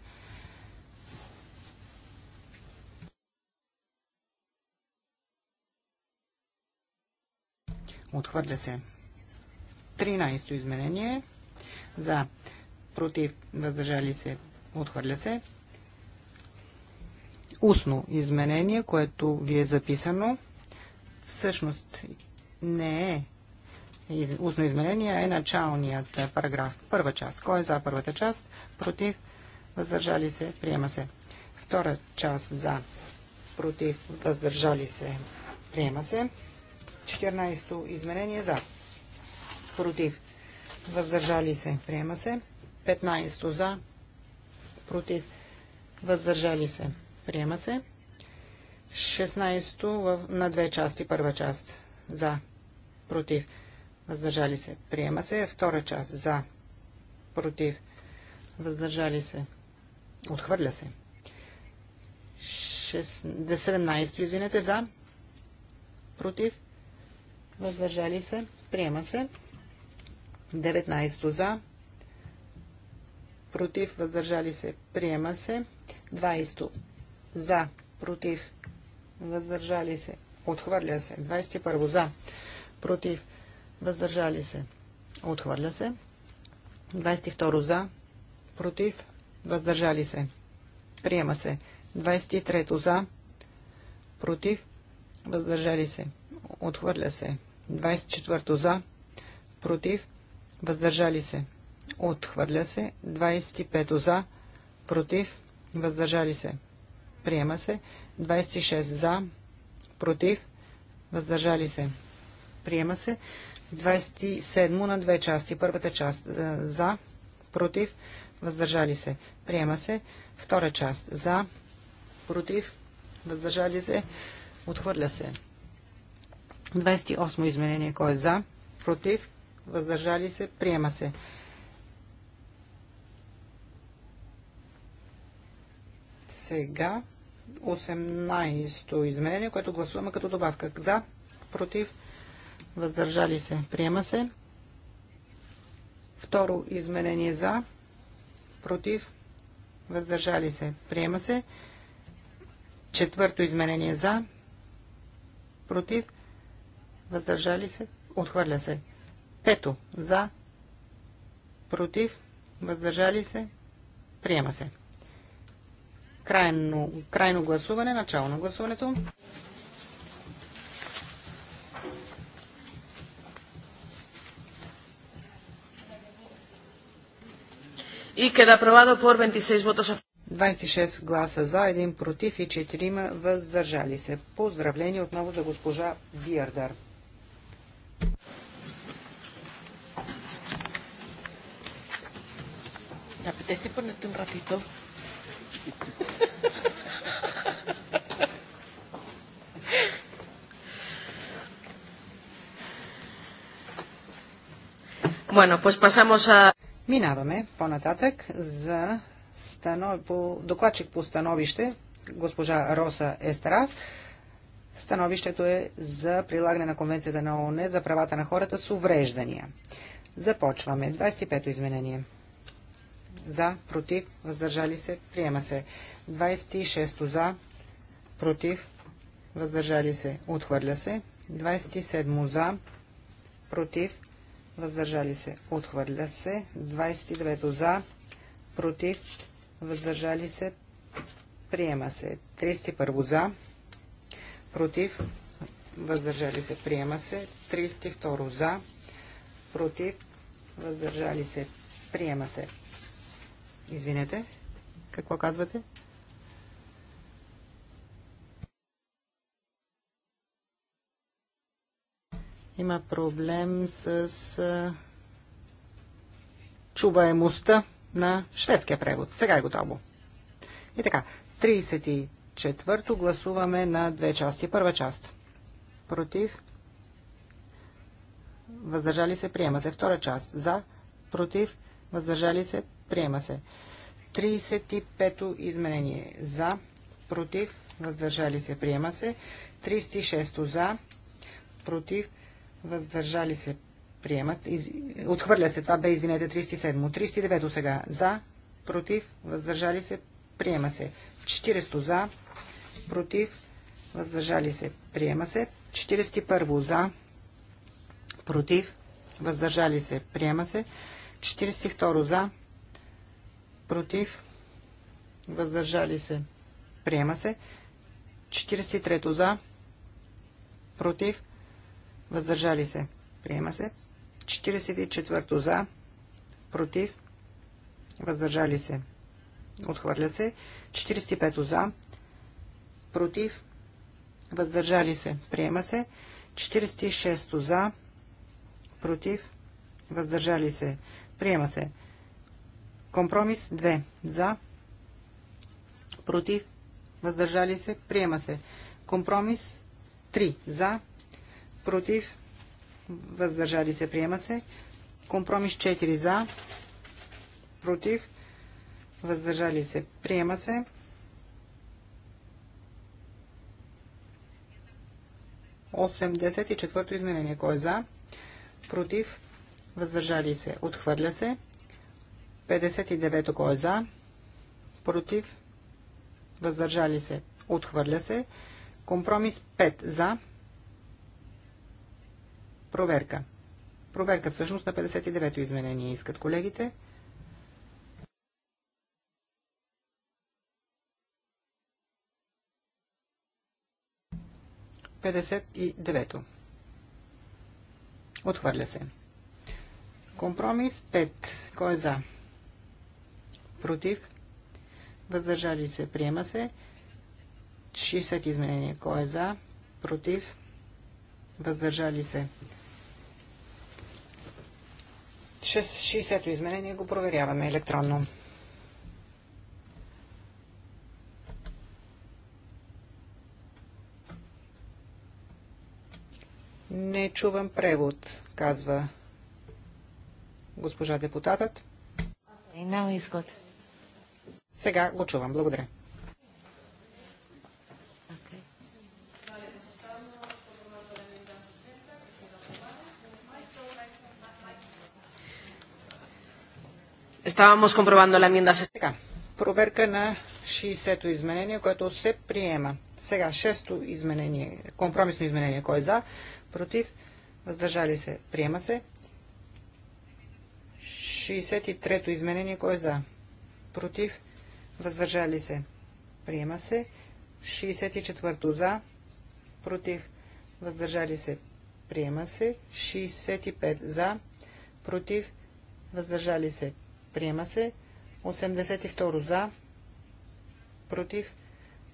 C: Отхвърля се. 13-то изменение. За. Против. Въздържали се. Отхвърля се. Устно изменение, което ви е записано, всъщност не е из, устно изменение е началният параграф. Първа част. Кой е за първата част? Против? Въздържали се? Приема се. Втора част за. Против? Въздържали се? Приема се. 14-то изменение за. Против? Въздържали се? Приема се. 15-то за. Против? Въздържали се? Приема се. 16-то на две части. Първа част. За. Против? въздържали се, приема се. Втора част за, против, въздържали се, отхвърля се. 17, извинете, за, против, въздържали се, приема се. 19 за, против, въздържали се, приема се. 20 за, против, въздържали се, отхвърля се. 21 за, против, въздържали се, отхвърля се. 22 за, против, въздържали се, приема се. 23 за, против, въздържали се, отхвърля се. 24 за, против, въздържали се, отхвърля се. 25 за, против, въздържали се, приема се. 26 за, против, въздържали се, приема се. 27 на две части. Първата част е, за, против, въздържали се, приема се. Втора част за, против, въздържали се, отхвърля се. 28 изменение, кой е за, против, въздържали се, приема се. Сега 18-то изменение, което гласуваме като добавка. За, против, въздържали се въздържали се, приема се. Второ изменение за, против, въздържали се, приема се. Четвърто изменение за, против, въздържали се, отхвърля се. Пето за, против, въздържали се, приема се. Крайно, крайно гласуване, начало на гласуването. y queda aprobado por 26 votos a 26 гласа за, 1 против и 4 въздържали се. Поздравление отново за госпожа Биердар.
A: ¿Te apetece ponerte un ratito? Bueno, pues pasamos a... Минаваме по-нататък
C: за станов... по... докладчик по становище, госпожа Роса Естерас. Становището е за прилагане на Конвенцията на ООН за правата на хората с увреждания. Започваме. 25-то изменение. За, против, въздържали се, приема се. 26-то за, против, въздържали се, отхвърля се. 27-то за, против, въздържали се, отхвърля се. 29 за, против, въздържали се, приема се. 31 за, против, въздържали се, приема се. 32 за, против, въздържали се, приема се. Извинете, какво казвате? Има проблем с чуваемостта на шведския превод. Сега е готово. И така, 34-то гласуваме на две части. Първа част. Против. Въздържали се, приема се. Втора част. За. Против. Въздържали се, приема се. 35-то изменение. За. Против. Въздържали се, приема се. 36-то за. Против въздържали се, приемат, из... отхвърля се, това бе, извинете, 37, 39 сега, за, против, въздържали се, приема се, 40 за, против, въздържали се, приема се, 41 за, против, въздържали се, приема се, 42 за, против, въздържали се, приема се, 43 за, против, въздържали се, приема се. 44-то за, против, въздържали се, отхвърля се. 45-то за, против, въздържали се, приема се. 46-то за, против, въздържали се, приема се. Компромис 2 за, против, въздържали се, приема се. Компромис 3 за, против, против, въздържали се, приема се. Компромис 4 за, против, въздържали се, приема се. Осемдесет и четвърто изменение. Кой е за? Против? Въздържали се? Отхвърля се. 59 кой е за? Против? Въздържали се? Отхвърля се. Компромис 5 за. Проверка. Проверка всъщност на 59-то изменение искат колегите. Петдесет и девето. Отхвърля се. Компромис 5. Кой е за? Против? Въздържали се. Приема се. 60 изменения. Кой е за? Против? Въздържали се. 60-то изменение го проверяваме електронно. Не чувам превод, казва госпожа депутатът. Сега го чувам. Благодаря.
A: Estábamos comprobando la enmienda
C: 60. Проверка на 60-то изменение, което се приема. Сега 6-то изменение, компромисно изменение. Кой е за? Против? Въздържали се? Приема се. 63-то изменение. Кой е за? Против? Въздържали се? Приема се. 64-то за? Против? Въздържали се? Приема се. 65 за? Против? Въздържали се? Приема се. 82 за. Против.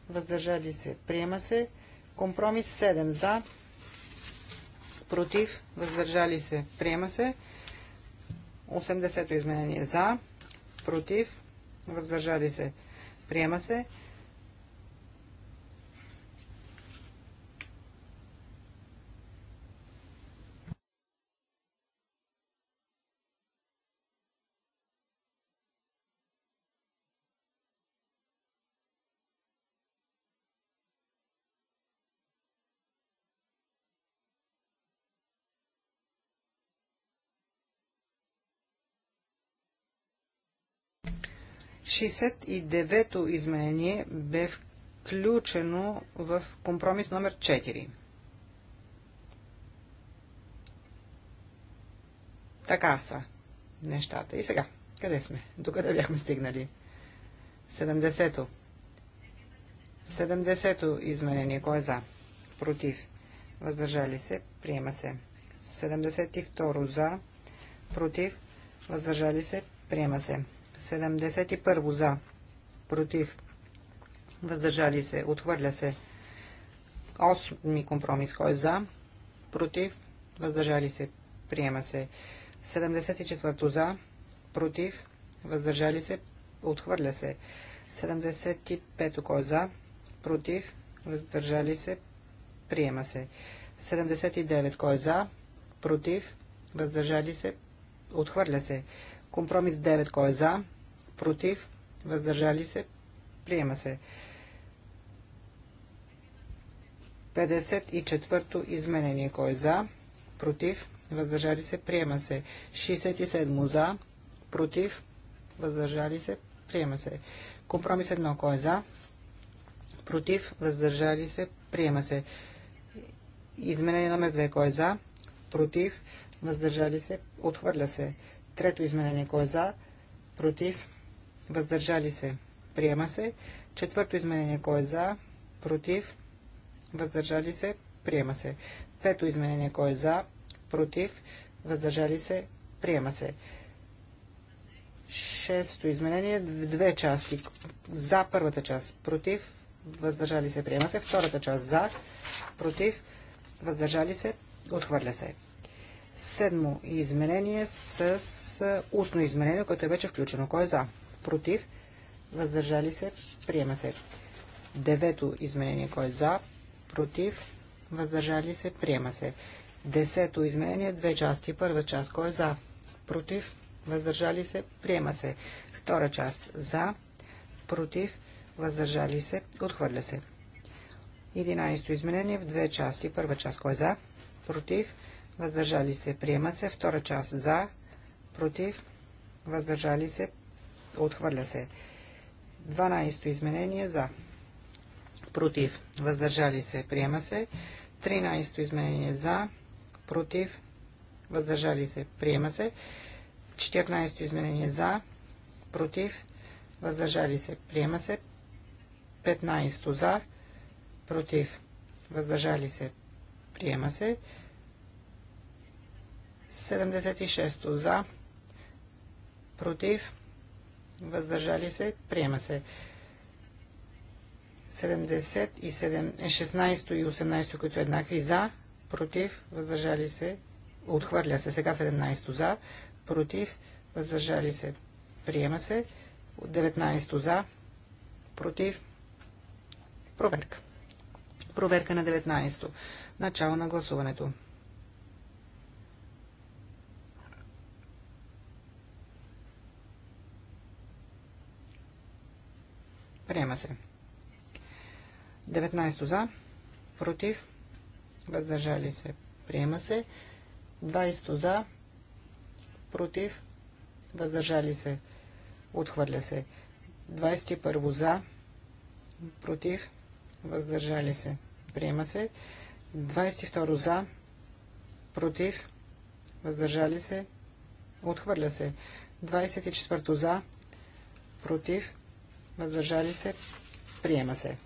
C: Въздържали се. Приема се. Компромис 7 за. Против. Въздържали се. Приема се. 80 изменение за. Против. Въздържали се. Приема се. 69-то изменение бе включено в компромис номер 4. Така са нещата. И сега, къде сме? Докъде бяхме стигнали? 70-то. 70-то изменение. Кой е за? Против. Въздържали се. Приема се. 72 за. Против. Въздържали се. Приема се. 71 за, против, въздържали се, отхвърля се. 8 компромис, кой е за, против, въздържали се, приема се. 74 за, против, въздържали се, отхвърля се. 75 кой е за, против, въздържали се, приема се. 79 кой е за, против, въздържали се, отхвърля се. Компромис 9. Кой е за? Против? Въздържали се? Приема се. 54-то изменение. Кой е за? Против? Въздържали се? Приема се. 67 за? Против? Въздържали се? Приема се. Компромис 1. Кой е за? Против? Въздържали се? Приема се. Изменение номер 2. Кой е за? Против? Въздържали се? Отхвърля се. Трето изменение. Кой е за? Против? Въздържали се? Приема се. Четвърто изменение. Кой е за? Против? Въздържали се? Приема се. Пето изменение. Кой е за? Против? Въздържали се? Приема се. Шесто изменение. Две части. За първата част. Против? Въздържали се? Приема се. Втората част. За? Против? Въздържали се? Отхвърля се. Седмо изменение с устно изменение, което е вече включено. Кой е за? Против? Въздържали се? Приема се. Девето изменение. Кой е за? Против? Въздържали се? Приема се. Десето изменение. Две части. Първа част. Кой е за? Против? Въздържали се? Приема се. Втора част. За? Против? Въздържали се? Отхвърля се. Единайсто изменение в две части. Първа част. Кой е за? Против? Въздържали се. Приема се. Втора част. За? против, въздържали се, отхвърля се. 12 изменение за, против, въздържали се, приема се. 13 изменение за, против, въздържали се, приема се. 14 изменение за, против, въздържали се, приема се. 15 за, против, въздържали се, приема се. 76 за, против, въздържали се, приема се. 70 16 и 18, е, които са еднакви за, против, въздържали се, отхвърля се. Сега 17 за, против, въздържали се, приема се. 19 за, против, проверка. Проверка на 19. Начало на гласуването. Приема се. 19 за, против, въздържали се. Приема се. 20 за, против, въздържали се. Отхвърля се. 21 за, против, въздържали се. Приема се. 22 за, против, въздържали се. Отхвърля се. 24 за, против, въздържали се, приема се.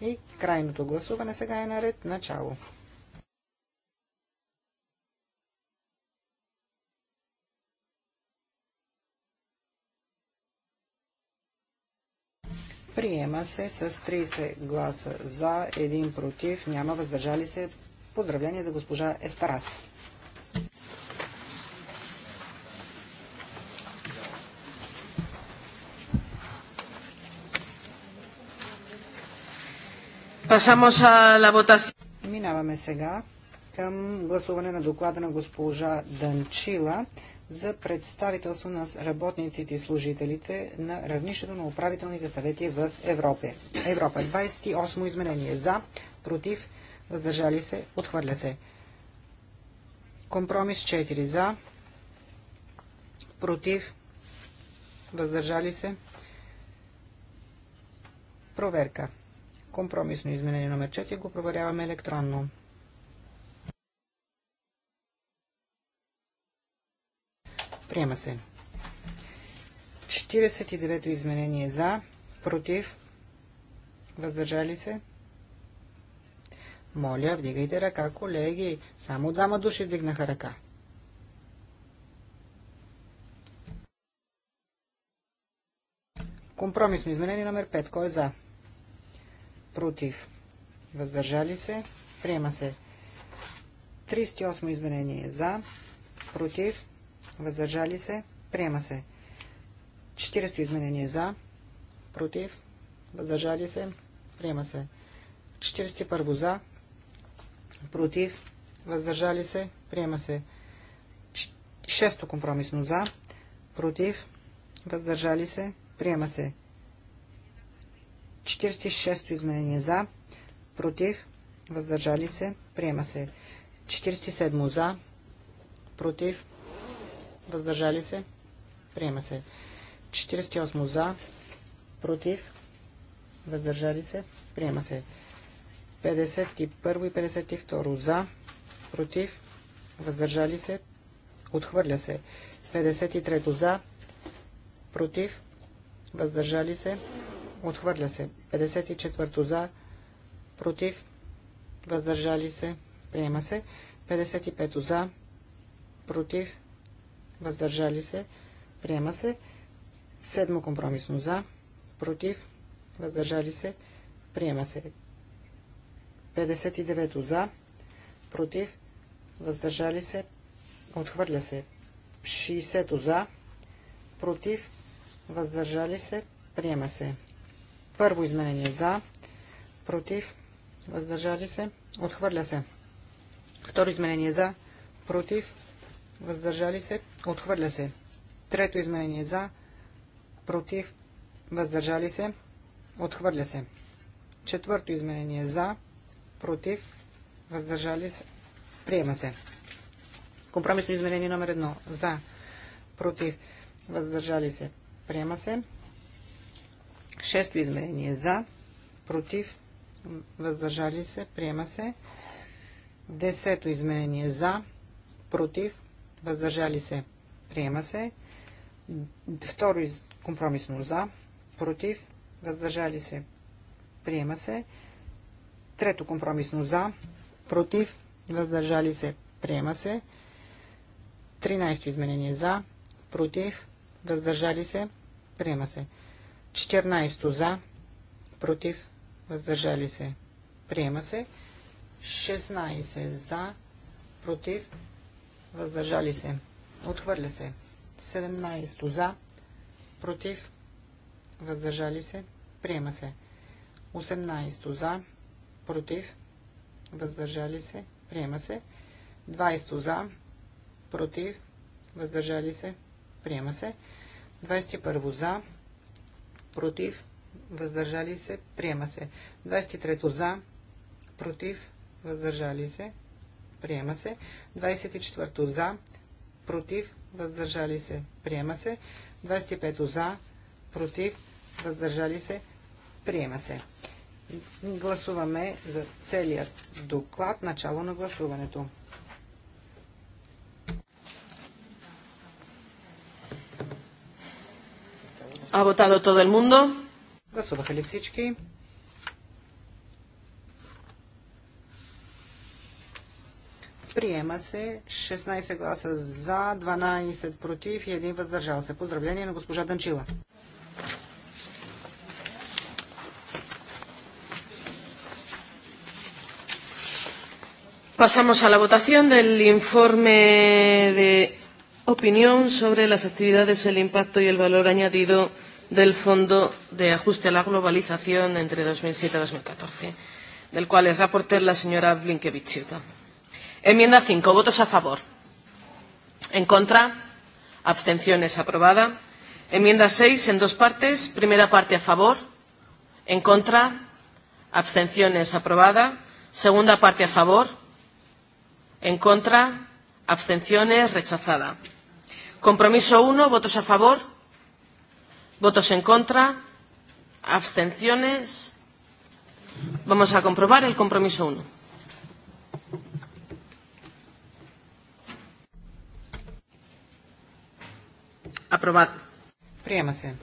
C: И крайното гласуване сега е наред начало. Приема се с 30 гласа за, 1 против, няма въздържали се. Поздравление за госпожа Естарас.
A: Минаваме сега
C: към гласуване на доклада на госпожа Данчила за представителство на работниците и служителите на равнището на управителните съвети в Европе. Европа. 28 изменение. За, против, въздържали се, отхвърля се. Компромис 4. За, против, въздържали се. Проверка. Компромисно изменение номер 4 го проверяваме електронно. Приема се. 49-то изменение за, против, въздържали се. Моля, вдигайте ръка, колеги. Само двама души вдигнаха ръка. Компромисно изменение номер 5. Кой е за? против, въздържали се, приема се. 38 изменение е за, против, въздържали се, приема се. 40 изменение е за, против, въздържали се, приема се. 41 за, против, въздържали се, приема се. 6 компромисно за, против, въздържали се, приема се. 46-то изменение за, против, въздържали се, приема се. 47 за, против, въздържали се, приема се. 48 за, против, въздържали се, приема се. 51 и 52 за, против, въздържали се, отхвърля се. 53 за, против, въздържали се, Отхвърля се. 54 за. Против. Въздържали се. Приема се. 55 за. Против. Въздържали се. Приема се. Седмо компромисно за. Против. Въздържали се. Приема се. 59 за. Против. Въздържали се. Отхвърля се. 60 за. Против. Въздържали се. Приема се. Първо изменение за, против, въздържали се, отхвърля се. Второ изменение за, против, въздържали се, отхвърля се. Трето изменение за, против, въздържали се, отхвърля се. Четвърто изменение за, против, въздържали се, приема се. Компромисно изменение номер едно за, против, въздържали се, приема се. Шесто измерение за, против, въздържали се, приема се. Десето измерение за, против, въздържали се, приема се. Второ компромисно за, против, въздържали се, приема се. Трето компромисно за, против, въздържали се, приема се. Тринайсто изменение за, против, въздържали се, приема се. 14 за, против, въздържали се, приема се. 16 за, против, въздържали се, отхвърля се. 17 за, против, въздържали се, приема се. 18 за, против, въздържали се, приема се. 20 за, против, въздържали се, приема се. 21 за, против, въздържали се, приема се. 23 за, против, въздържали се, приема се. 24 за, против, въздържали се, приема се. 25 за, против, въздържали се, приема се. Гласуваме за целият доклад, начало на гласуването.
A: Ha votado todo el mundo?
C: Приема се 16 гласа за, 12 против и един въздържал се.
A: Поздравление на госпожа Данчила. Pasamos a la votación del informe de opinión sobre las actividades, el impacto y el valor añadido del Fondo de Ajuste a la Globalización entre 2007 y 2014, del cual es reporter la señora Blinkevichiuta. Enmienda 5. Votos a favor. En contra. Abstenciones. Aprobada. Enmienda 6 en dos partes. Primera parte a favor. En contra. Abstenciones. Aprobada. Segunda parte a favor. En contra. Abstenciones. Rechazada. Compromiso 1. Votos a favor. ¿Votos en contra? ¿Abstenciones? Vamos a comprobar el compromiso 1. Апробат.
C: Приема се.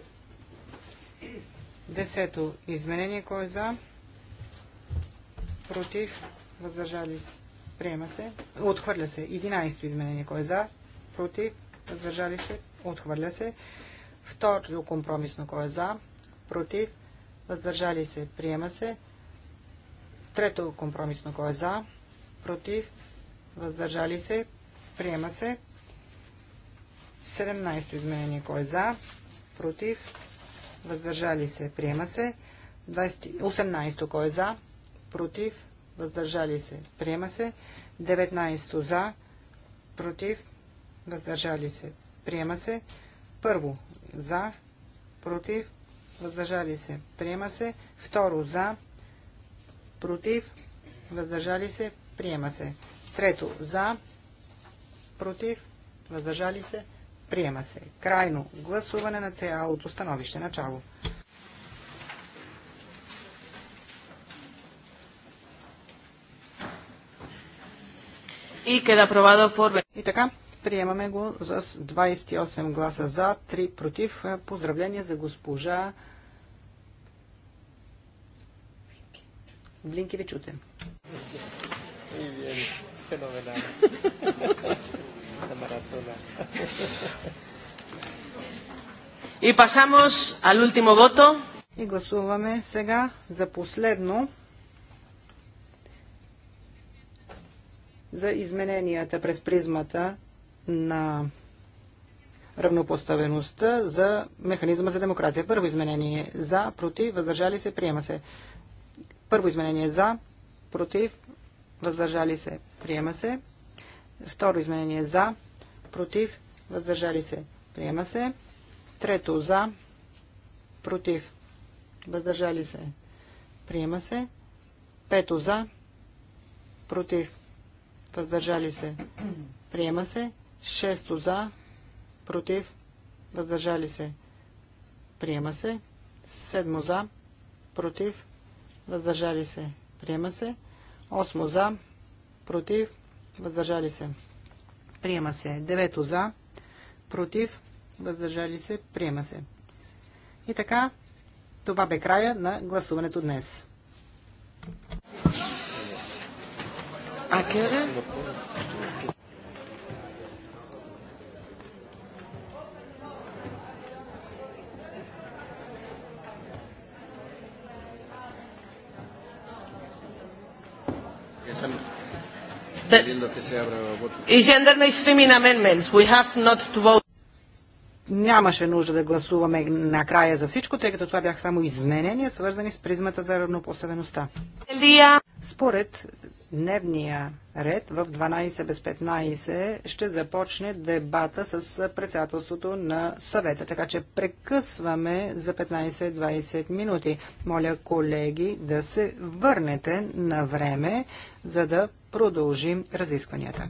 C: Десето изменение. Кой е за? Против? Въздържали се? Приема се. Отхвърля се. Единайсто изменение. Кой е за? Против? Въздържали се? Отхвърля се. Второ компромисно кой е за, против, въздържали се, приема се. Трето компромисно кой е за, против, въздържали се, приема се. 17 изменение кой е за, против, въздържали се, приема се. 20, 18 кой е за, против, въздържали се, приема се. 19 за, против, въздържали се, приема се. Първо, за, против, въздържали се, приема се. Второ, за, против, въздържали се, приема се. Трето, за, против, въздържали се, приема се. Крайно гласуване на цялото становище начало. И queda aprobado por... И така, Приемаме го с 28 гласа за, 3 против. Поздравления за госпожа Блинки Блинкевичуте.
A: И пасамос ал último вото. И гласуваме сега за
C: последно за измененията през призмата на равнопоставеността за механизма за демокрация. Първо изменение за, против, въздържали се, приема се. Първо изменение за, против, въздържали се, приема се. Второ изменение за, против, въздържали се, приема се. Трето за, против, въздържали се, приема се. Пето за, против, въздържали се, приема се. Шесто за, против, въздържали се, приема се. Седмо за, против, въздържали се, приема се. Осмо за, против, въздържали се, приема се. Девето за, против, въздържали се, приема се. И така, това бе края на гласуването днес.
D: Акера?
A: Нямаше
C: нужда да гласуваме накрая за всичко, тъй като това бяха само изменения, свързани с призмата за равнопоставеността. Според дневния ред в 12 без 15 ще започне дебата с председателството на съвета. Така че прекъсваме за 15-20 минути. Моля колеги да се върнете на време, за да продължим разискванията.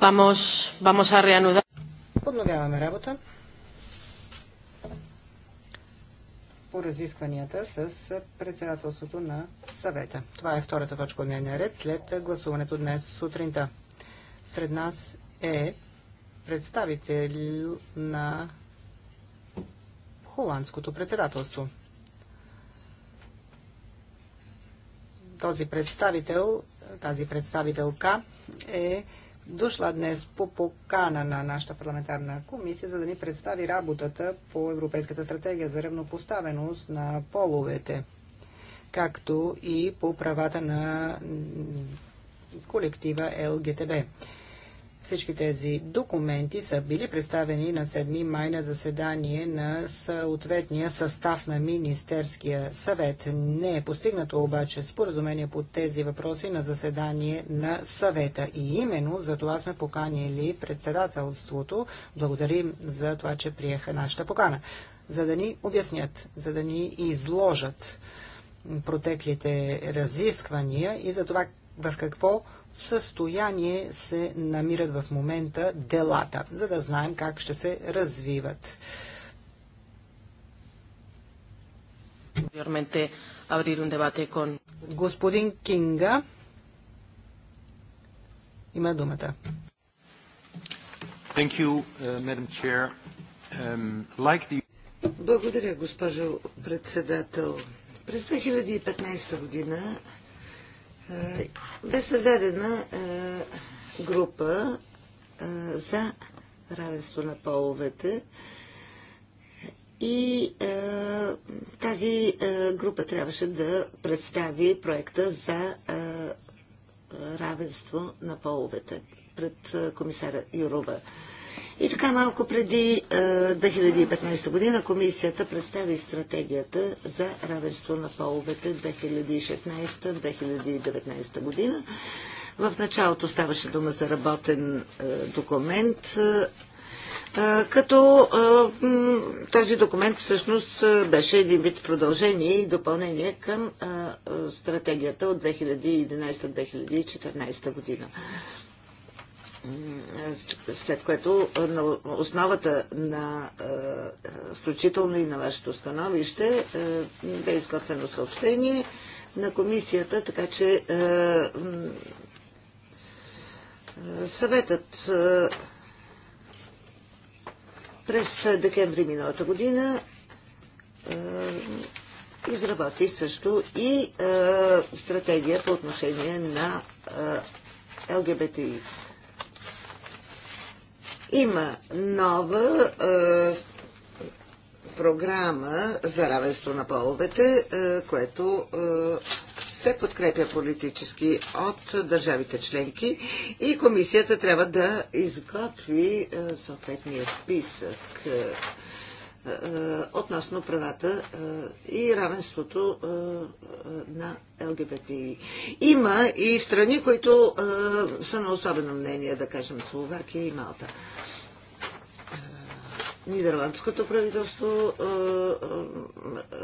A: Vamos, vamos a reanudar.
C: Подновяваме работа по разискванията с председателството на съвета. Това е втората точка от дневния ред след гласуването днес сутринта. Сред нас е представител на холандското председателство. Този представител, тази представителка е дошла днес по покана на нашата парламентарна комисия, за да ни представи работата по Европейската стратегия за равнопоставеност на половете, както и по правата на колектива ЛГТБ. Всички тези документи са били представени на 7 май на заседание на съответния състав на Министерския съвет. Не е постигнато обаче споразумение по тези въпроси на заседание на съвета. И именно за това сме поканили председателството. Благодарим за това, че приеха нашата покана. За да ни обяснят, за да ни изложат протеклите разисквания и за това в какво състояние се намират в момента делата, за да знаем как ще се
A: развиват. Господин Кинга има думата. You, uh, um,
B: Благодаря, госпожо председател. През 2015 година е, бе създадена е, група е, за равенство на половете и тази група трябваше да представи проекта за равенство на половете пред комисара Юрова. И така малко преди 2015 е, година комисията представи стратегията за равенство на половете 2016-2019 година. В началото ставаше дума за работен е, документ, е, като този документ всъщност беше един вид продължение и допълнение към стратегията от 2011-2014 година след което е, на основата на е, включително и на вашето становище е, бе изготвено съобщение на комисията, така че съветът през декември миналата година изработи също и стратегия по отношение на ЛГБТИ има нова е, програма за равенство на половете, е, което е, се подкрепя политически от държавите членки и комисията трябва да изготви съответния списък е, относно правата е, и равенството е, на ЛГБТИ. Има и страни, които са на особено мнение, да кажем Словакия и Малта. Нидерландското правителство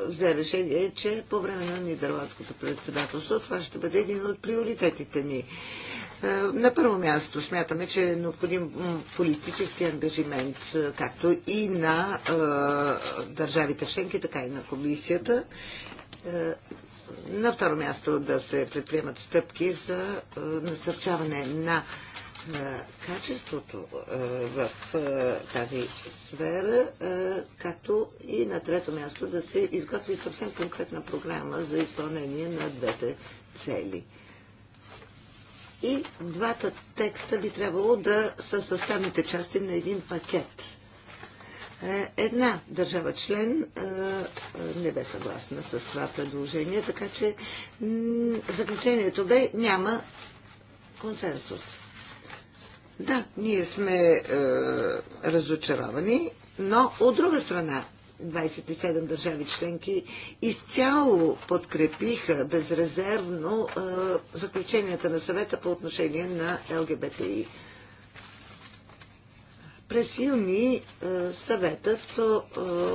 B: взе решение, че по време на Нидерландското председателство това ще бъде един от приоритетите ни. Е, на първо място смятаме, че е необходим политически ангажимент, е, както и на е, държавите членки, така и на комисията. На второ място да се предприемат стъпки за насърчаване на качеството в тази сфера, както и на трето място да се изготви съвсем конкретна програма за изпълнение на двете цели. И двата текста би трябвало да са съставните части на един пакет. Е, една държава член е, е, не бе съгласна с това предложение, така че заключението бе няма консенсус. Да, ние сме разочаровани, но от друга страна 27 държави членки изцяло подкрепиха безрезервно заключенията на съвета по отношение на ЛГБТИ. През юни съветът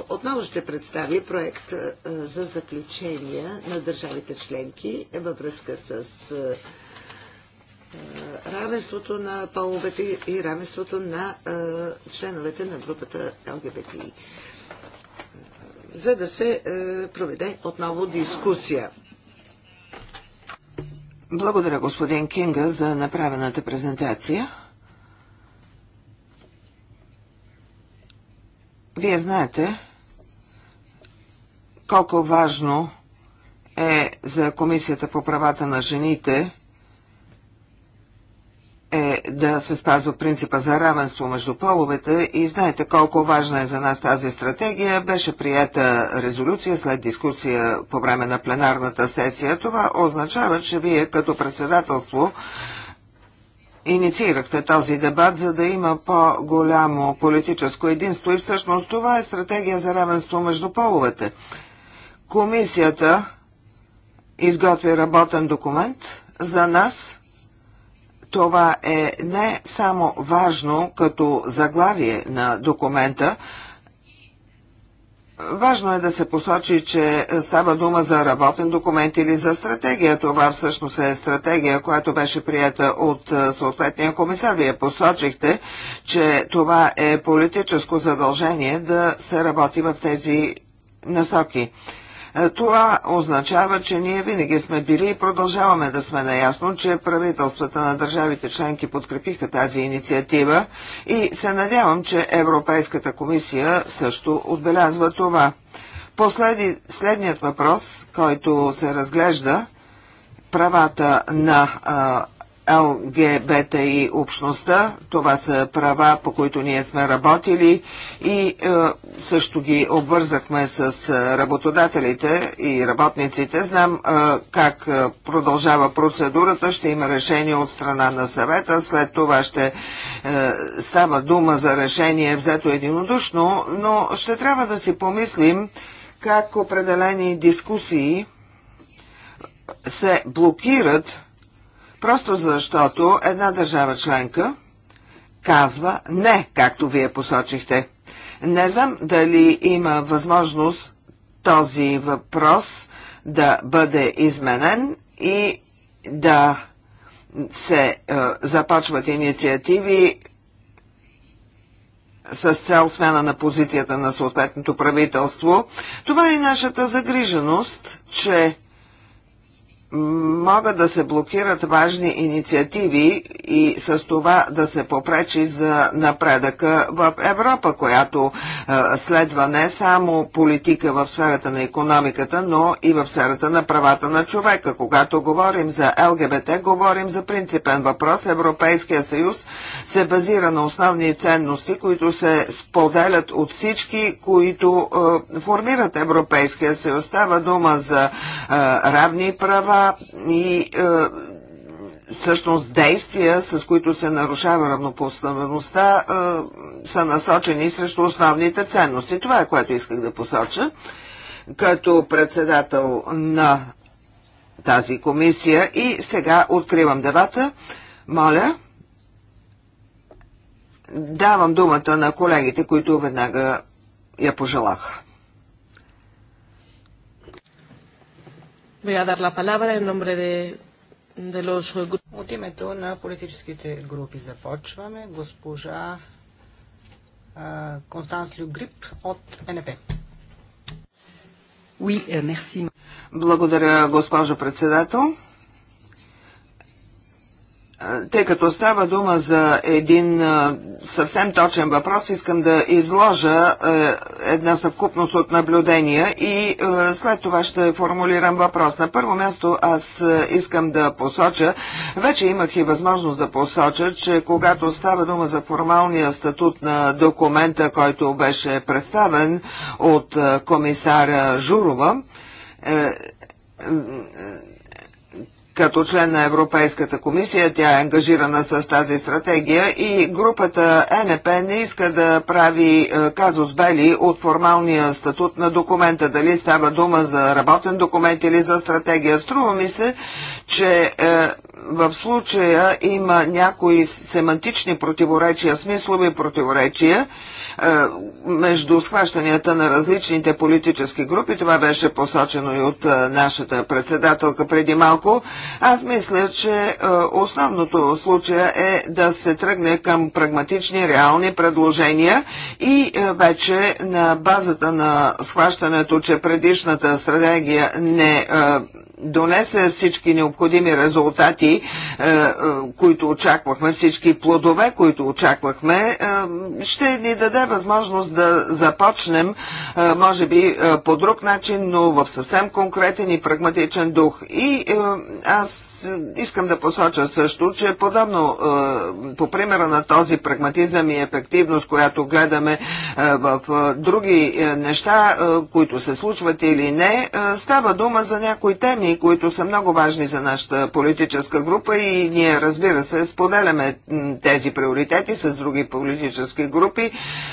B: отново ще представи проект за заключения на държавите членки във връзка с равенството на половете и равенството на членовете на групата ЛГБТИ за да се е, проведе отново дискусия.
D: Благодаря господин Кинга за направената презентация. Вие знаете колко важно е за Комисията по правата на жените е да се спазва принципа за равенство между половете и знаете колко важна е за нас тази стратегия. Беше приета резолюция след дискусия по време на пленарната сесия. Това означава, че вие като председателство инициирахте този дебат, за да има по-голямо политическо единство и всъщност това е стратегия за равенство между половете. Комисията изготви работен документ за нас – това е не само важно като заглавие на документа, Важно е да се посочи, че става дума за работен документ или за стратегия. Това всъщност е стратегия, която беше прията от е, съответния комисар. Вие посочихте, че това е политическо задължение да се работи в тези насоки. Е, това означава, че ние винаги сме били и продължаваме да сме наясно, че правителствата на държавите членки подкрепиха тази инициатива и се надявам, че Европейската комисия също отбелязва това. Последи, следният въпрос, който се разглежда, правата на а, ЛГБТ и общността. Това са права, по които ние сме работили и е, също ги обвързахме с е, работодателите и работниците. Знам е, как е, продължава процедурата. Ще има решение от страна на съвета. След това ще е, става дума за решение взето единодушно, но ще трябва да си помислим как определени дискусии се блокират Просто защото една държава членка казва не, както вие посочихте. Не знам дали има възможност този въпрос да бъде изменен и да се е, започват инициативи с цел смяна на позицията на съответното правителство. Това е нашата загриженост, че могат да се блокират важни инициативи и с това да се попречи за напредъка в Европа, която е, следва не само политика в сферата на економиката, но и в сферата на правата на човека. Когато говорим за ЛГБТ, говорим за принципен въпрос. Европейския съюз се базира на основни ценности, които се споделят от всички, които е, формират Европейския съюз. Става дума за е, равни права, и е, всъщност действия, с които се нарушава равнопоставеността, е, са насочени срещу основните ценности. Това е което исках да посоча. Като председател на тази комисия и сега откривам дебата. Моля, давам думата на колегите, които веднага я пожелаха.
A: Voy a dar la palabra en nombre de, de los От името на политическите
C: групи започваме. Госпожа Констанс Люгрип от НП.
D: Euh, Благодаря, госпожо председател тъй като става дума за един съвсем точен въпрос, искам да изложа една съвкупност от наблюдения и след това ще формулирам въпрос. На първо място аз искам да посоча, вече имах и възможност да посоча, че когато става дума за формалния статут на документа, който беше представен от комисара Журова, е, като член на Европейската комисия, тя е ангажирана с тази стратегия и групата е НП не иска да прави е, казус бели от формалния статут на документа, дали става дума за работен документ или за стратегия. Струва ми се, че е, в случая има някои семантични противоречия, смислови противоречия, е, между схващанията на различните политически групи. Това беше посочено и от е, нашата председателка преди малко. Аз мисля, че е, основното случая е да се тръгне към прагматични, реални предложения и вече на базата на схващането, че предишната стратегия не донесе всички необходими резултати, е, е, които очаквахме, всички плодове, които очаквахме, е, ще ни даде възможност да започнем, може би по друг начин, но в съвсем конкретен и прагматичен дух. И аз искам да посоча също, че подобно по примера на този прагматизъм и ефективност, която гледаме в други неща, които се случват или не, става дума за някои теми, теми, които са много важни за нашата политическа група и ние, разбира се, споделяме тези приоритети с други политически групи.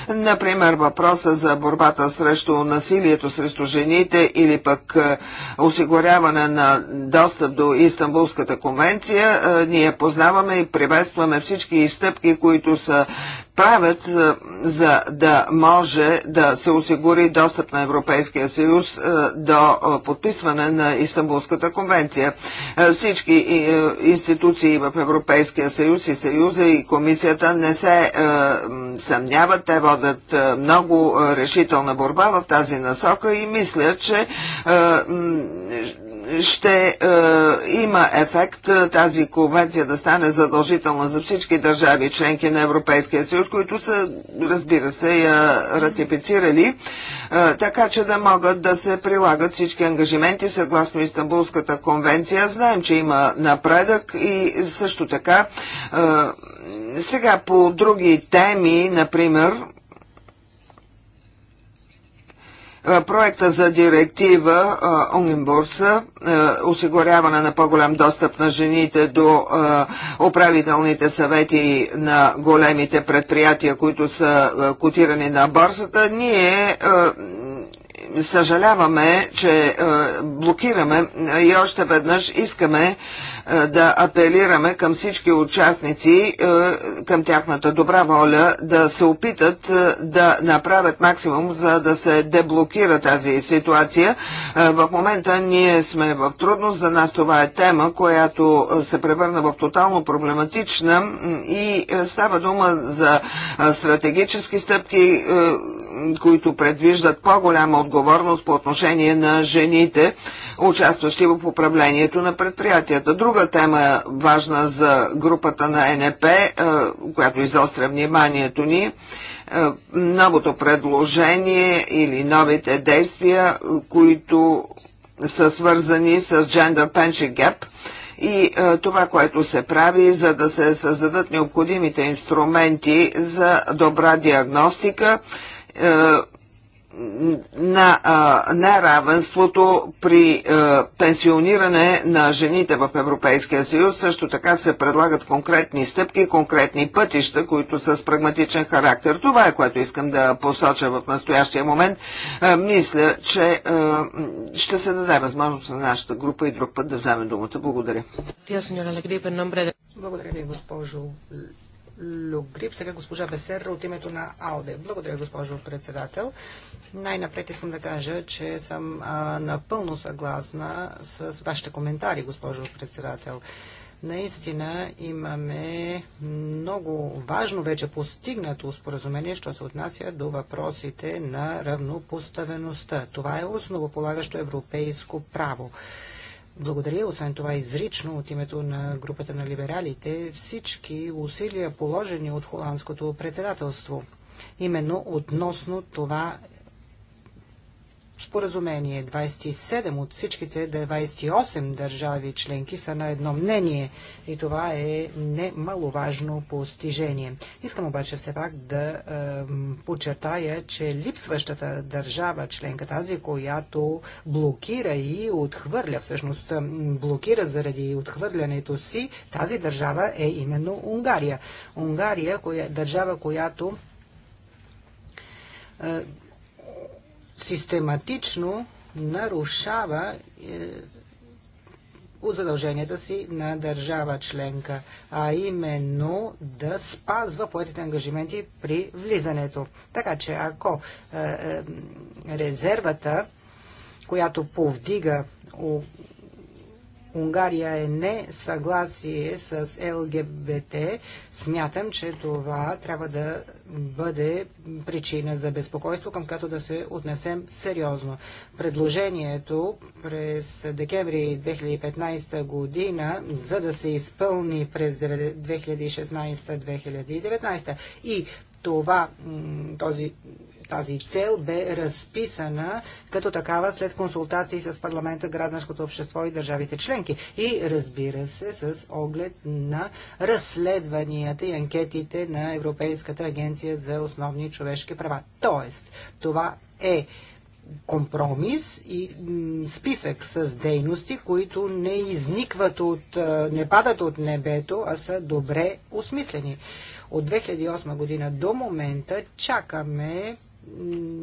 D: Например, въпроса за борбата срещу насилието срещу жените или пък е, осигуряване на достъп до Истанбулската конвенция. Е, ние познаваме и приветстваме всички изтъпки, които са правят, е, за да може да се осигури достъп на Европейския съюз е, до е, подписване на Истанбулската конвенция. Всички институции в Европейския съюз и Съюза и комисията не се съмняват. Те водят много решителна борба в тази насока и мислят, че ще е, има ефект е, тази конвенция да стане задължителна за всички държави, членки на Европейския съюз, които са, разбира се, я ратифицирали, е, така че да могат да се прилагат всички ангажименти съгласно Истанбулската конвенция. Знаем, че има напредък и също така. Е, сега по други теми, например, Е, проекта за директива Унгенбурса, е, е, осигуряване на по-голям достъп на жените до управителните съвети на големите предприятия, които са котирани на борсата, ние съжаляваме, че блокираме и още веднъж искаме е, да апелираме към всички участници, е, към тяхната добра воля, да се опитат е, да направят максимум, за да се деблокира тази ситуация. В момента ние сме в трудност, за нас това е тема, която се превърна в тотално проблематична и става дума за стратегически стъпки, които предвиждат по-голяма отговорност по отношение на жените, участващи в управлението на предприятията. Друга друга тема, важна за групата на НП, е, която изостря вниманието ни е, новото предложение или новите действия, които са свързани с Gender Pension Gap и е, това, което се прави, за да се създадат необходимите инструменти за добра диагностика, на а, равенството при а, пенсиониране на жените в Европейския съюз. Също така се предлагат конкретни стъпки, конкретни пътища, които са с прагматичен характер. Това е което искам да посоча в настоящия момент. А, мисля, че а, ще се даде възможност на нашата група и друг път да вземе думата. Благодаря.
A: Благодаря е- ви, госпожо
C: Люгрип. Сега госпожа Бесерра от името на АОДЕ. Благодаря, госпожо председател. Най-напред искам да кажа, че съм а, напълно съгласна с вашите коментари, госпожо председател. Наистина имаме много важно вече постигнато споразумение, що се отнася до въпросите на равнопоставеността. Това е основополагащо европейско право. Благодаря, освен това изрично от името на групата на либералите, всички усилия положени от холандското председателство. Именно относно това споразумение. 27 от всичките 28 държави членки са на едно мнение и това е немаловажно постижение. Искам обаче все пак да е, подчертая, че липсващата държава членка, тази, която блокира и отхвърля, всъщност блокира заради отхвърлянето си, тази държава е именно Унгария. Унгария, коя, държава, която е, систематично нарушава е, задълженията си на държава членка, а именно да спазва поетите ангажименти при влизането. Така че ако е, е, резервата, която повдига Унгария е не съгласие с ЛГБТ, смятам, че това трябва да бъде причина за безпокойство, към като да се отнесем сериозно. Предложението през декември 2015 година, за да се изпълни през 2016-2019 и това, този тази цел бе разписана като такава след консултации с парламента, гражданското общество и държавите членки. И разбира се, с оглед на разследванията и анкетите на Европейската агенция за основни човешки права. Тоест, това е компромис и списък с дейности, които не изникват от, не падат от небето, а са добре осмислени. От 2008 година до момента чакаме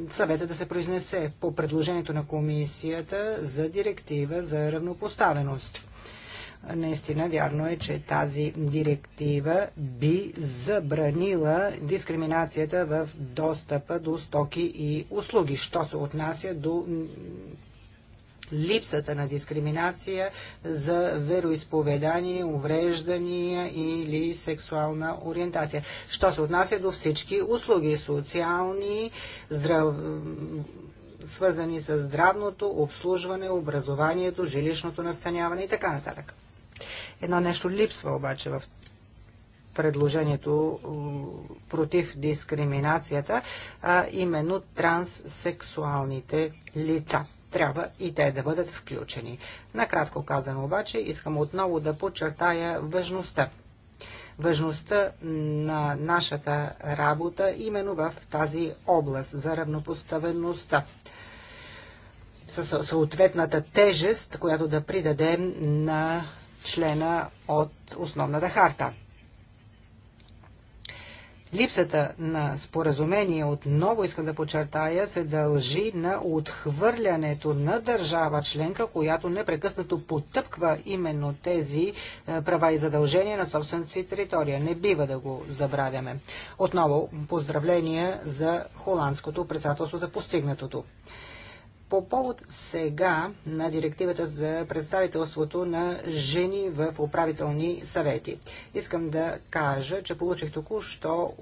C: съвета да се произнесе по предложението на комисията за директива за равнопоставеност. Наистина вярно е, че тази директива би забранила дискриминацията в достъпа до стоки и услуги, що се отнася до липсата на дискриминация за вероисповедание, увреждания или сексуална ориентация. Що се отнася до всички услуги, социални, здрав свързани с здравното, обслужване, образованието, жилищното настаняване и така нататък. Едно нещо липсва обаче в предложението против дискриминацията, а именно транссексуалните лица трябва и те да бъдат включени. Накратко казано обаче, искам отново да подчертая важността важността на нашата работа именно в тази област за равнопоставеността. Със съответната тежест, която да придадем на члена от основната харта. Липсата на споразумение, отново искам да подчертая, се дължи на отхвърлянето на държава членка, която непрекъснато потъпква именно тези е, права и задължения на собствената си територия. Не бива да го забравяме. Отново поздравления за холандското председателство за постигнатото. По повод сега на директивата за представителството на жени в управителни съвети. Искам да кажа, че получих току-що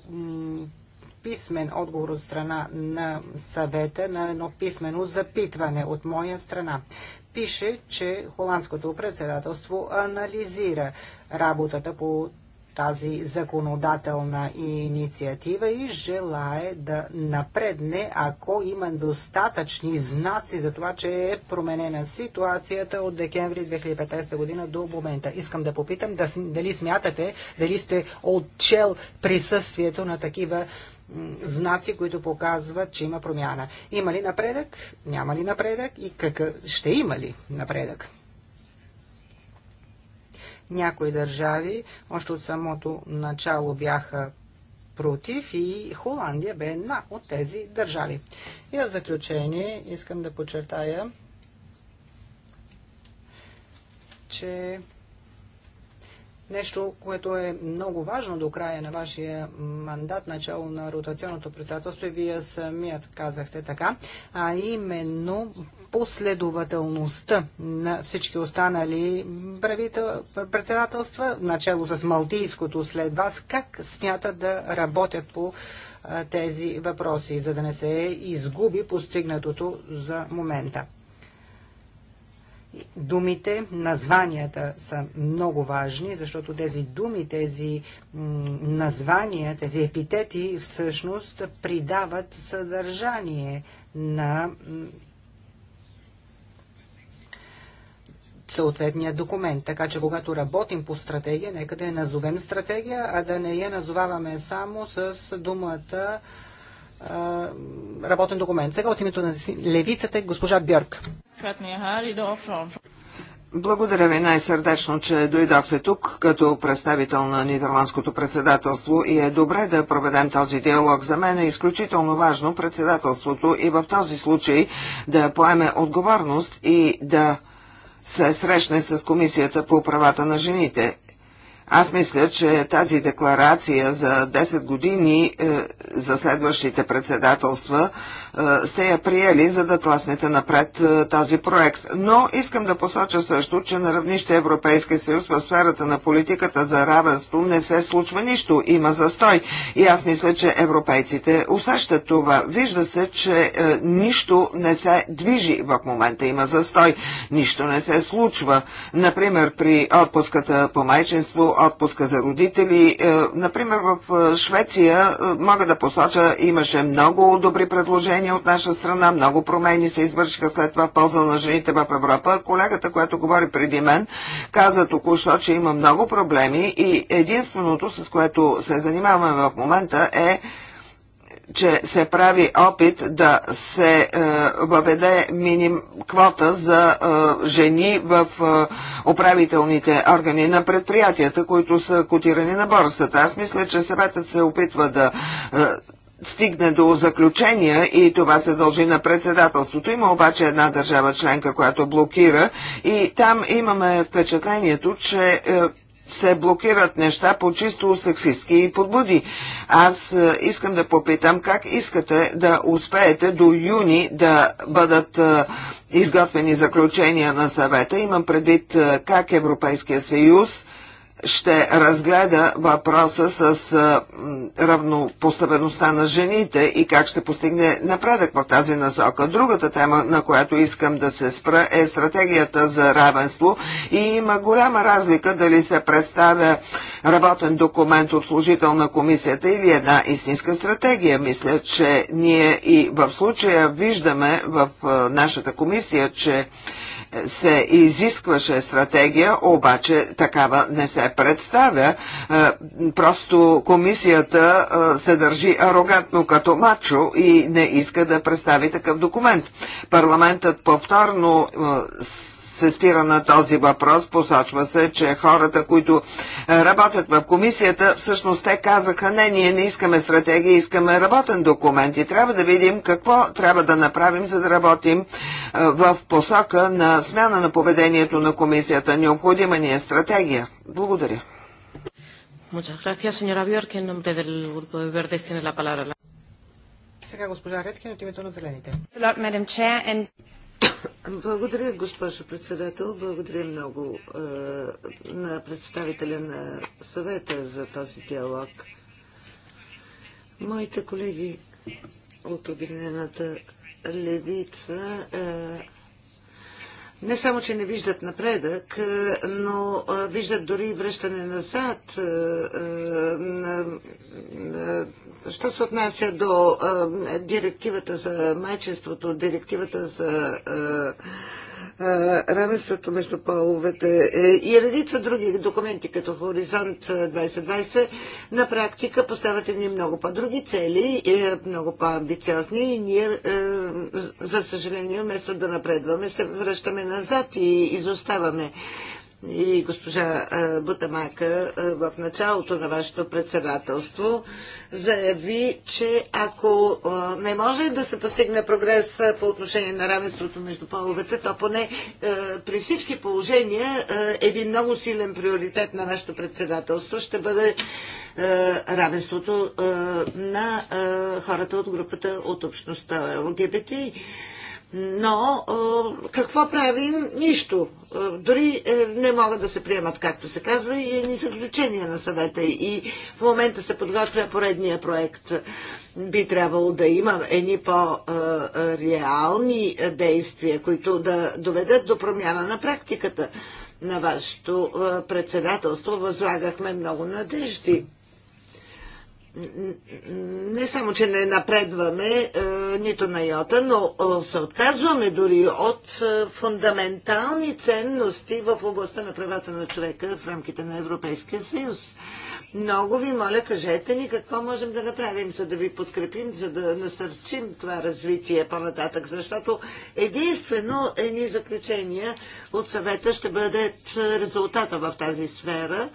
C: писмен отговор от страна на съвета на едно писмено запитване от моя страна. Пише, че холандското председателство анализира работата по тази законодателна инициатива и желае да напредне, ако има достатъчни знаци за това, че е променена ситуацията от декември 2015 година до момента. Искам да попитам да, дали смятате, дали сте отчел присъствието на такива знаци, които показват, че има промяна. Има ли напредък? Няма ли напредък? И какъв ще има ли напредък? Някои държави още от самото начало бяха против и Холандия бе една от тези държави. И в заключение искам да подчертая, че Нещо, което е много важно до края на вашия мандат, начало на ротационното председателство, и вие самият казахте така, а именно последователността на всички останали председателства, начало с Малтийското след вас, как смятат да работят по тези въпроси, за да не се изгуби постигнатото за момента. Думите, названията са много важни, защото тези думи, тези названия, тези епитети всъщност придават съдържание на съответния документ. Така че когато работим по стратегия, нека да я назовем стратегия, а да не я назоваваме само с думата работен документ. Сега от името на
D: левицата е госпожа Бьорк. Благодаря ви най-сърдечно, че дойдохте тук като представител на Нидерландското председателство и е добре да проведем този диалог. За мен е изключително важно председателството и в този случай да поеме отговорност и да се срещне с Комисията по правата на жените. Аз мисля, че тази декларация за 10 години е, за следващите председателства е, сте я приели, за да тласнете напред е, този проект. Но искам да посоча също, че на равнище Европейския съюз в сферата на политиката за равенство не се случва нищо. Има застой. И аз мисля, че европейците усещат това. Вижда се, че е, нищо не се движи в момента. Има застой. Нищо не се случва. Например, при отпуската по майчинство, отпуска за родители. например, в Швеция, мога да посоча, имаше много добри предложения изпълнение от наша страна. Много промени се извършиха след това в полза на жените в Европа. Колегата, която говори преди мен, каза току-що, че има много проблеми и единственото, с което се занимаваме в момента е че се прави опит да се е, въведе миним квота за е, жени в е, управителните органи на предприятията, които са котирани на борсата. Аз мисля, че съветът се опитва да е, стигне до заключения и това се дължи на председателството. Има обаче една държава членка, която блокира и там имаме впечатлението, че е, се блокират неща по чисто сексистски подбуди. Аз е, искам да попитам как искате да успеете до юни да бъдат е, изготвени заключения на съвета. Имам предвид как Европейския съюз – ще разгледа въпроса с равнопоставеността на жените и как ще постигне напредък в тази насока. Другата тема, на която искам да се спра, е стратегията за равенство и има голяма разлика дали се представя работен документ от служител на комисията или една истинска стратегия. Мисля, че ние и в случая виждаме в нашата комисия, че се изискваше стратегия, обаче такава не се представя. Е, просто комисията е, се държи арогантно като мачо и не иска да представи такъв документ. Парламентът повторно е, се спира на този въпрос. Посочва се, че хората, които е, работят в комисията, всъщност те казаха, не, ние не искаме стратегия, искаме работен документ и трябва да видим какво трябва да направим, за да работим е, в посока на смяна на поведението на комисията. Необходима ни е стратегия. Благодаря.
C: Сега госпожа Редкин от името на Зелените.
B: Благодаря, госпожо председател. Благодаря много е, на представителя на съвета за този диалог. Моите колеги от Обединената левица е, не само, че не виждат напредък, е, но е, виждат дори връщане назад. Е, Що се отнася до директивата за майчеството, директивата за равенството между половете е, и редица други документи, като Хоризонт 2020, на практика поставят едни много по-други цели, е, много по-амбициозни и ние, е, за съжаление, вместо да напредваме, се връщаме назад и изоставаме и госпожа Бутамака в началото на вашето председателство заяви, че ако не може да се постигне прогрес по отношение на равенството между половете, то поне при всички положения един много силен приоритет на вашето председателство ще бъде равенството на хората от групата от общността ЛГБТ. Но какво правим? Нищо. Дори е, не могат да се приемат, както се казва, и ни заключения на съвета. И в момента се подготвя поредния проект. Би трябвало да има едни по-реални действия, които да доведат до промяна на практиката. На вашето председателство възлагахме много надежди не само, че не напредваме е, нито на йота, но е, се отказваме дори от е, фундаментални ценности в областта на правата на човека в рамките на Европейския съюз. Много ви моля, кажете ни какво можем да направим, за да ви подкрепим, за да насърчим това развитие по-нататък, защото единствено едни заключения от съвета ще бъдат резултата в тази сфера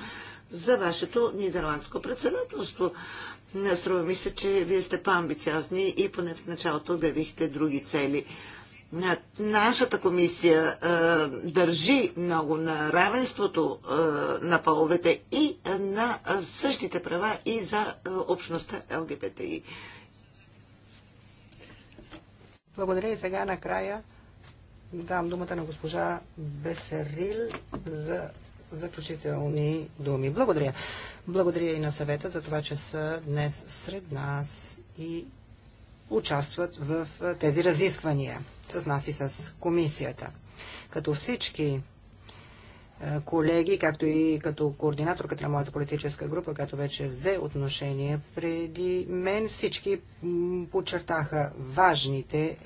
B: за вашето нидерландско председателство. Не струва ми се, че вие сте по-амбициозни и поне в началото обявихте други цели. Нашата комисия е, държи много на равенството е, на половете и на същите права и за е, общността ЛГБТИ.
C: Благодаря и сега накрая дам думата на госпожа Бесерил за заключителни думи. Благодаря. Благодаря и на съвета за това, че са днес сред нас и участват в тези разисквания с нас и с комисията. Като всички колеги, както и като координаторката на моята политическа група, която вече взе отношение преди мен, всички подчертаха важните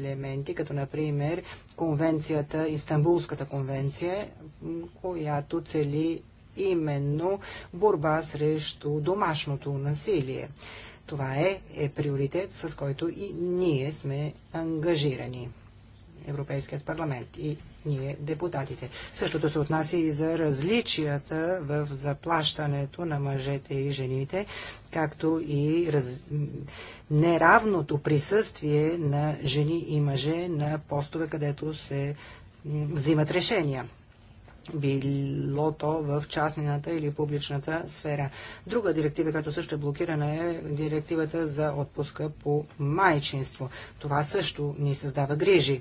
C: елементи, като например конвенцията, Истанбулската конвенция, която цели именно борба срещу домашното насилие. Това е, е приоритет, с който и ние сме ангажирани. Европейският парламент и ние депутатите. Същото се отнася и за различията в заплащането на мъжете и жените, както и раз... неравното присъствие на жени и мъже на постове, където се взимат решения било то в частната или публичната сфера. Друга директива, която също е блокирана, е директивата за отпуска по майчинство. Това също ни създава грижи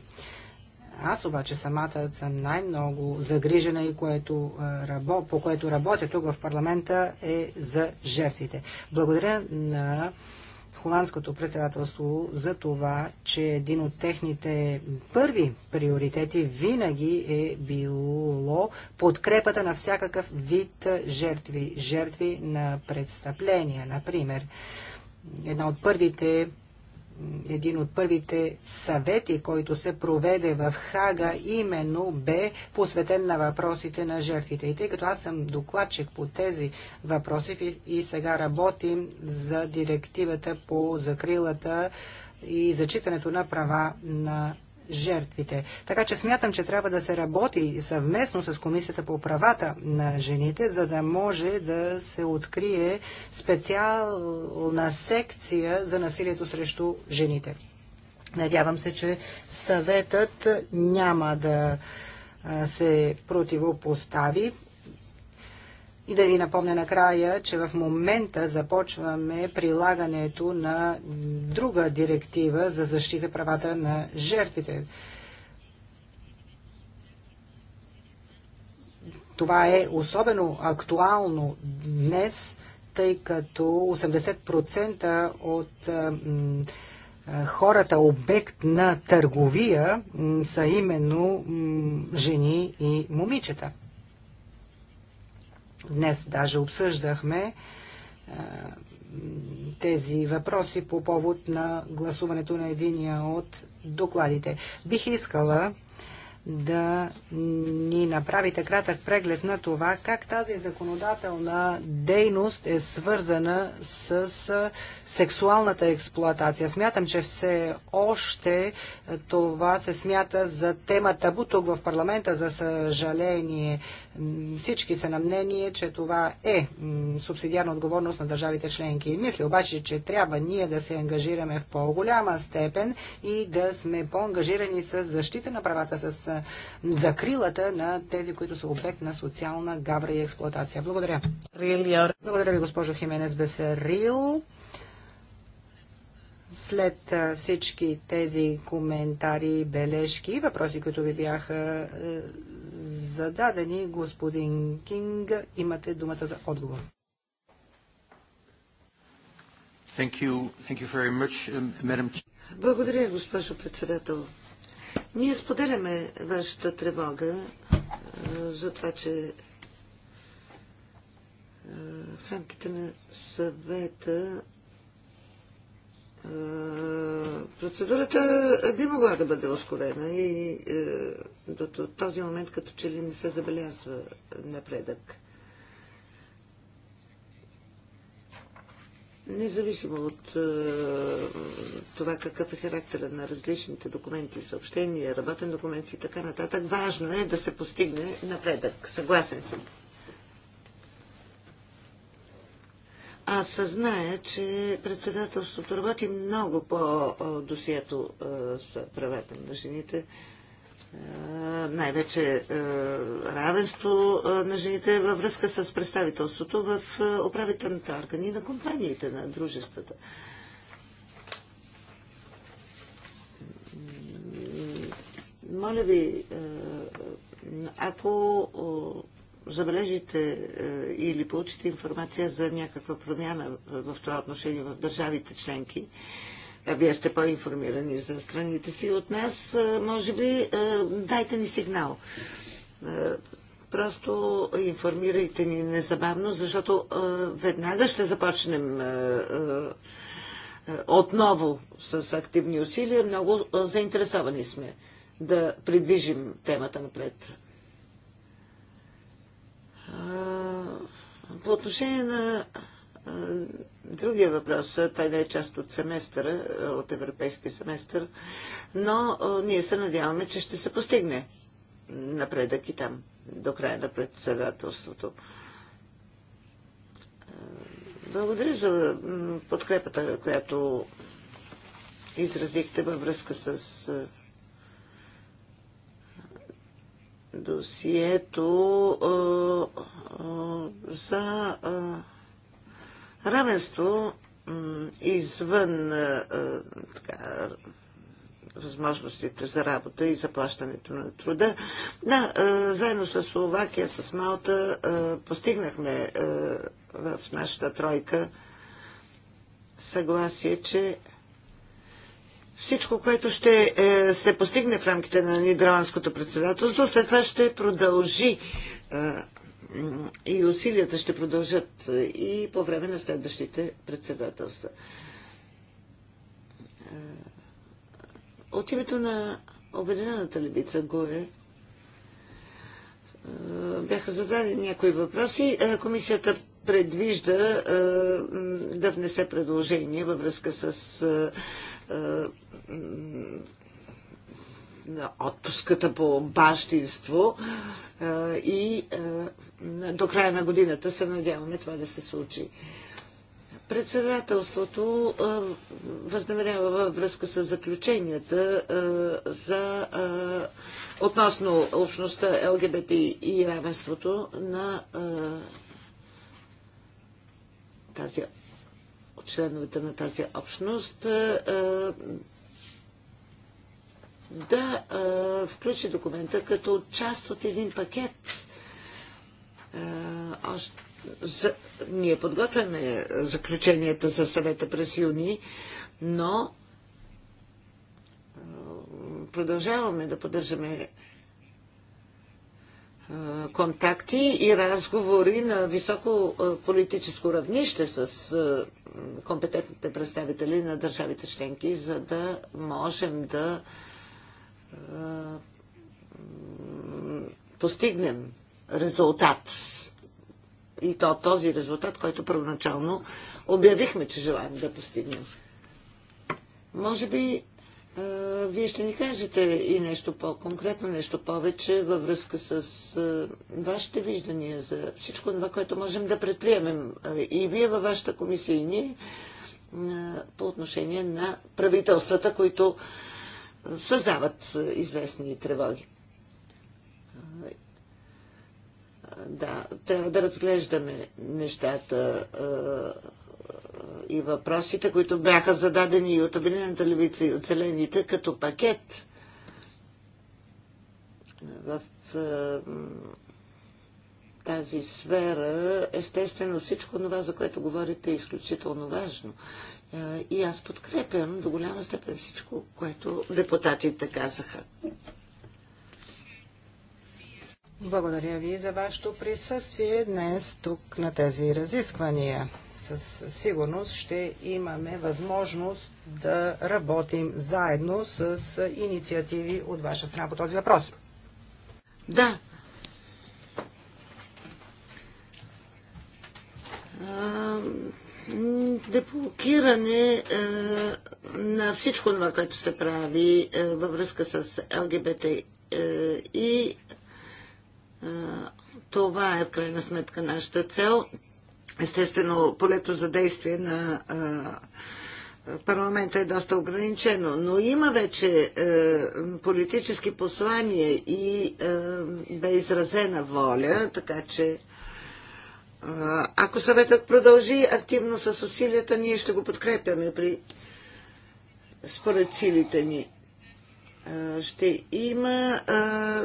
C: аз обаче самата съм най-много загрижена и което, по което работя тук в парламента е за жертвите. Благодаря на холандското председателство за това, че един от техните първи приоритети винаги е било подкрепата на всякакъв вид жертви. Жертви на престъпления, например. Една от първите един от първите съвети, който се проведе в Хага, именно бе посветен на въпросите на жертвите. И тъй като аз съм докладчик по тези въпроси и сега работим за директивата по закрилата и зачитането на права на жертвите. Така че смятам, че трябва да се работи съвместно с Комисията по правата на жените, за да може да се открие специална секция за насилието срещу жените. Надявам се, че съветът няма да се противопостави и да ви напомня накрая, че в момента започваме прилагането на друга директива за защита правата на жертвите. Това е особено актуално днес, тъй като 80% от хората обект на търговия са именно жени и момичета. Днес даже обсъждахме тези въпроси по повод на гласуването на единия от докладите. Бих искала да ни направите кратък преглед на това как тази законодателна дейност е свързана с сексуалната експлоатация. Смятам, че все още това се смята за тема табу тук в парламента, за съжаление. Всички са на мнение, че това е субсидиарна отговорност на държавите членки. Мисля обаче, че трябва ние да се ангажираме в по-голяма степен и да сме по-ангажирани с защита на правата с е, закрилата на тези, които са обект на социална гавра и експлоатация. Благодаря. Благодаря ви, госпожо Хименес Бесерил. След е, всички тези коментари, бележки, въпроси, които ви бяха е, зададени, господин Кинг, имате думата за отговор.
A: Thank you. Thank you much, um,
C: Благодаря, госпожо
B: председател. Ние споделяме вашата тревога за това, че в рамките на съвета процедурата би могла да бъде ускорена и до този момент като че ли не се забелязва напредък. независимо от е, това какъв е характера на различните документи, съобщения, работен документ и така нататък, важно е да се постигне напредък. Съгласен съм. Аз съзная, че председателството работи много по досието е, с правата на жените. Е, най-вече е, равенство е, на жените във връзка с представителството в е, управителните органи на компаниите, на дружествата. Моля ви, ако забележите или получите информация за някаква промяна в това отношение в държавите членки, вие сте по-информирани за страните си от нас. Може би дайте ни сигнал. Просто информирайте ни незабавно, защото веднага ще започнем отново с активни усилия. Много заинтересовани сме да придвижим темата напред. По отношение на другия въпрос. Той не е част от семестъра, от европейския семестър, но ние се надяваме, че ще се постигне напредък и там, до края на председателството. Благодаря за подкрепата, която изразихте във връзка с досието за Равенство извън така, възможностите за работа и заплащането на труда. Да, заедно с Словакия, с Малта постигнахме в нашата тройка съгласие, че всичко, което ще е, се постигне в рамките на Нидерландското председателство, след това ще продължи и усилията ще продължат и по време на следващите председателства. Е, от името на Обединената левица горе е, бяха зададени някои въпроси. Е, комисията предвижда да внесе предложение във връзка с отпуската по бащинство и до края на годината се надяваме това да се случи. Председателството възнамерява във връзка с заключенията за относно общността ЛГБТ и равенството на тази членовете на тази общност да а, включи документа като част от един пакет. А, още, за, ние подготвяме заключенията за съвета през юни, но а, продължаваме да поддържаме контакти и разговори на високо политическо равнище с компетентните представители на държавите членки, за да можем да постигнем резултат. И то този резултат, който първоначално обявихме, че желаем да постигнем. Може би е, вие ще ни кажете и нещо по-конкретно, нещо повече във връзка с е, вашите виждания за всичко това, което можем да предприемем е, и вие във вашата комисия и ние по отношение на правителствата, които създават известни тревоги. Да, трябва да разглеждаме нещата и въпросите, които бяха зададени и от Обединената левица и от Зелените като пакет в тази сфера, естествено всичко това, за което говорите, е изключително важно. Е, и аз подкрепям до голяма степен всичко, което депутатите
C: казаха. Благодаря ви за вашето присъствие днес тук на тези разисквания. Със сигурност ще имаме възможност да работим заедно с инициативи от ваша страна по този въпрос. Да. А
B: деблокиране е, на всичко това, което се прави е, във връзка с ЛГБТ е, и е, това е в крайна сметка нашата цел. Естествено, полето за действие на е, парламента е доста ограничено, но има вече е, политически послания и бе изразена воля, така че ако съветът продължи активно с усилията, ние ще го подкрепяме при според силите ни. Ще има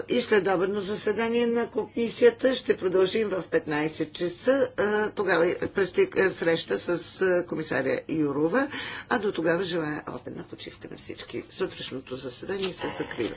B: и следобедно заседание на комисията. Ще продължим в 15 часа. Тогава предстои среща с комисаря Юрова. А до тогава желая опена почивка на всички. Сутрешното заседание
A: се закрива.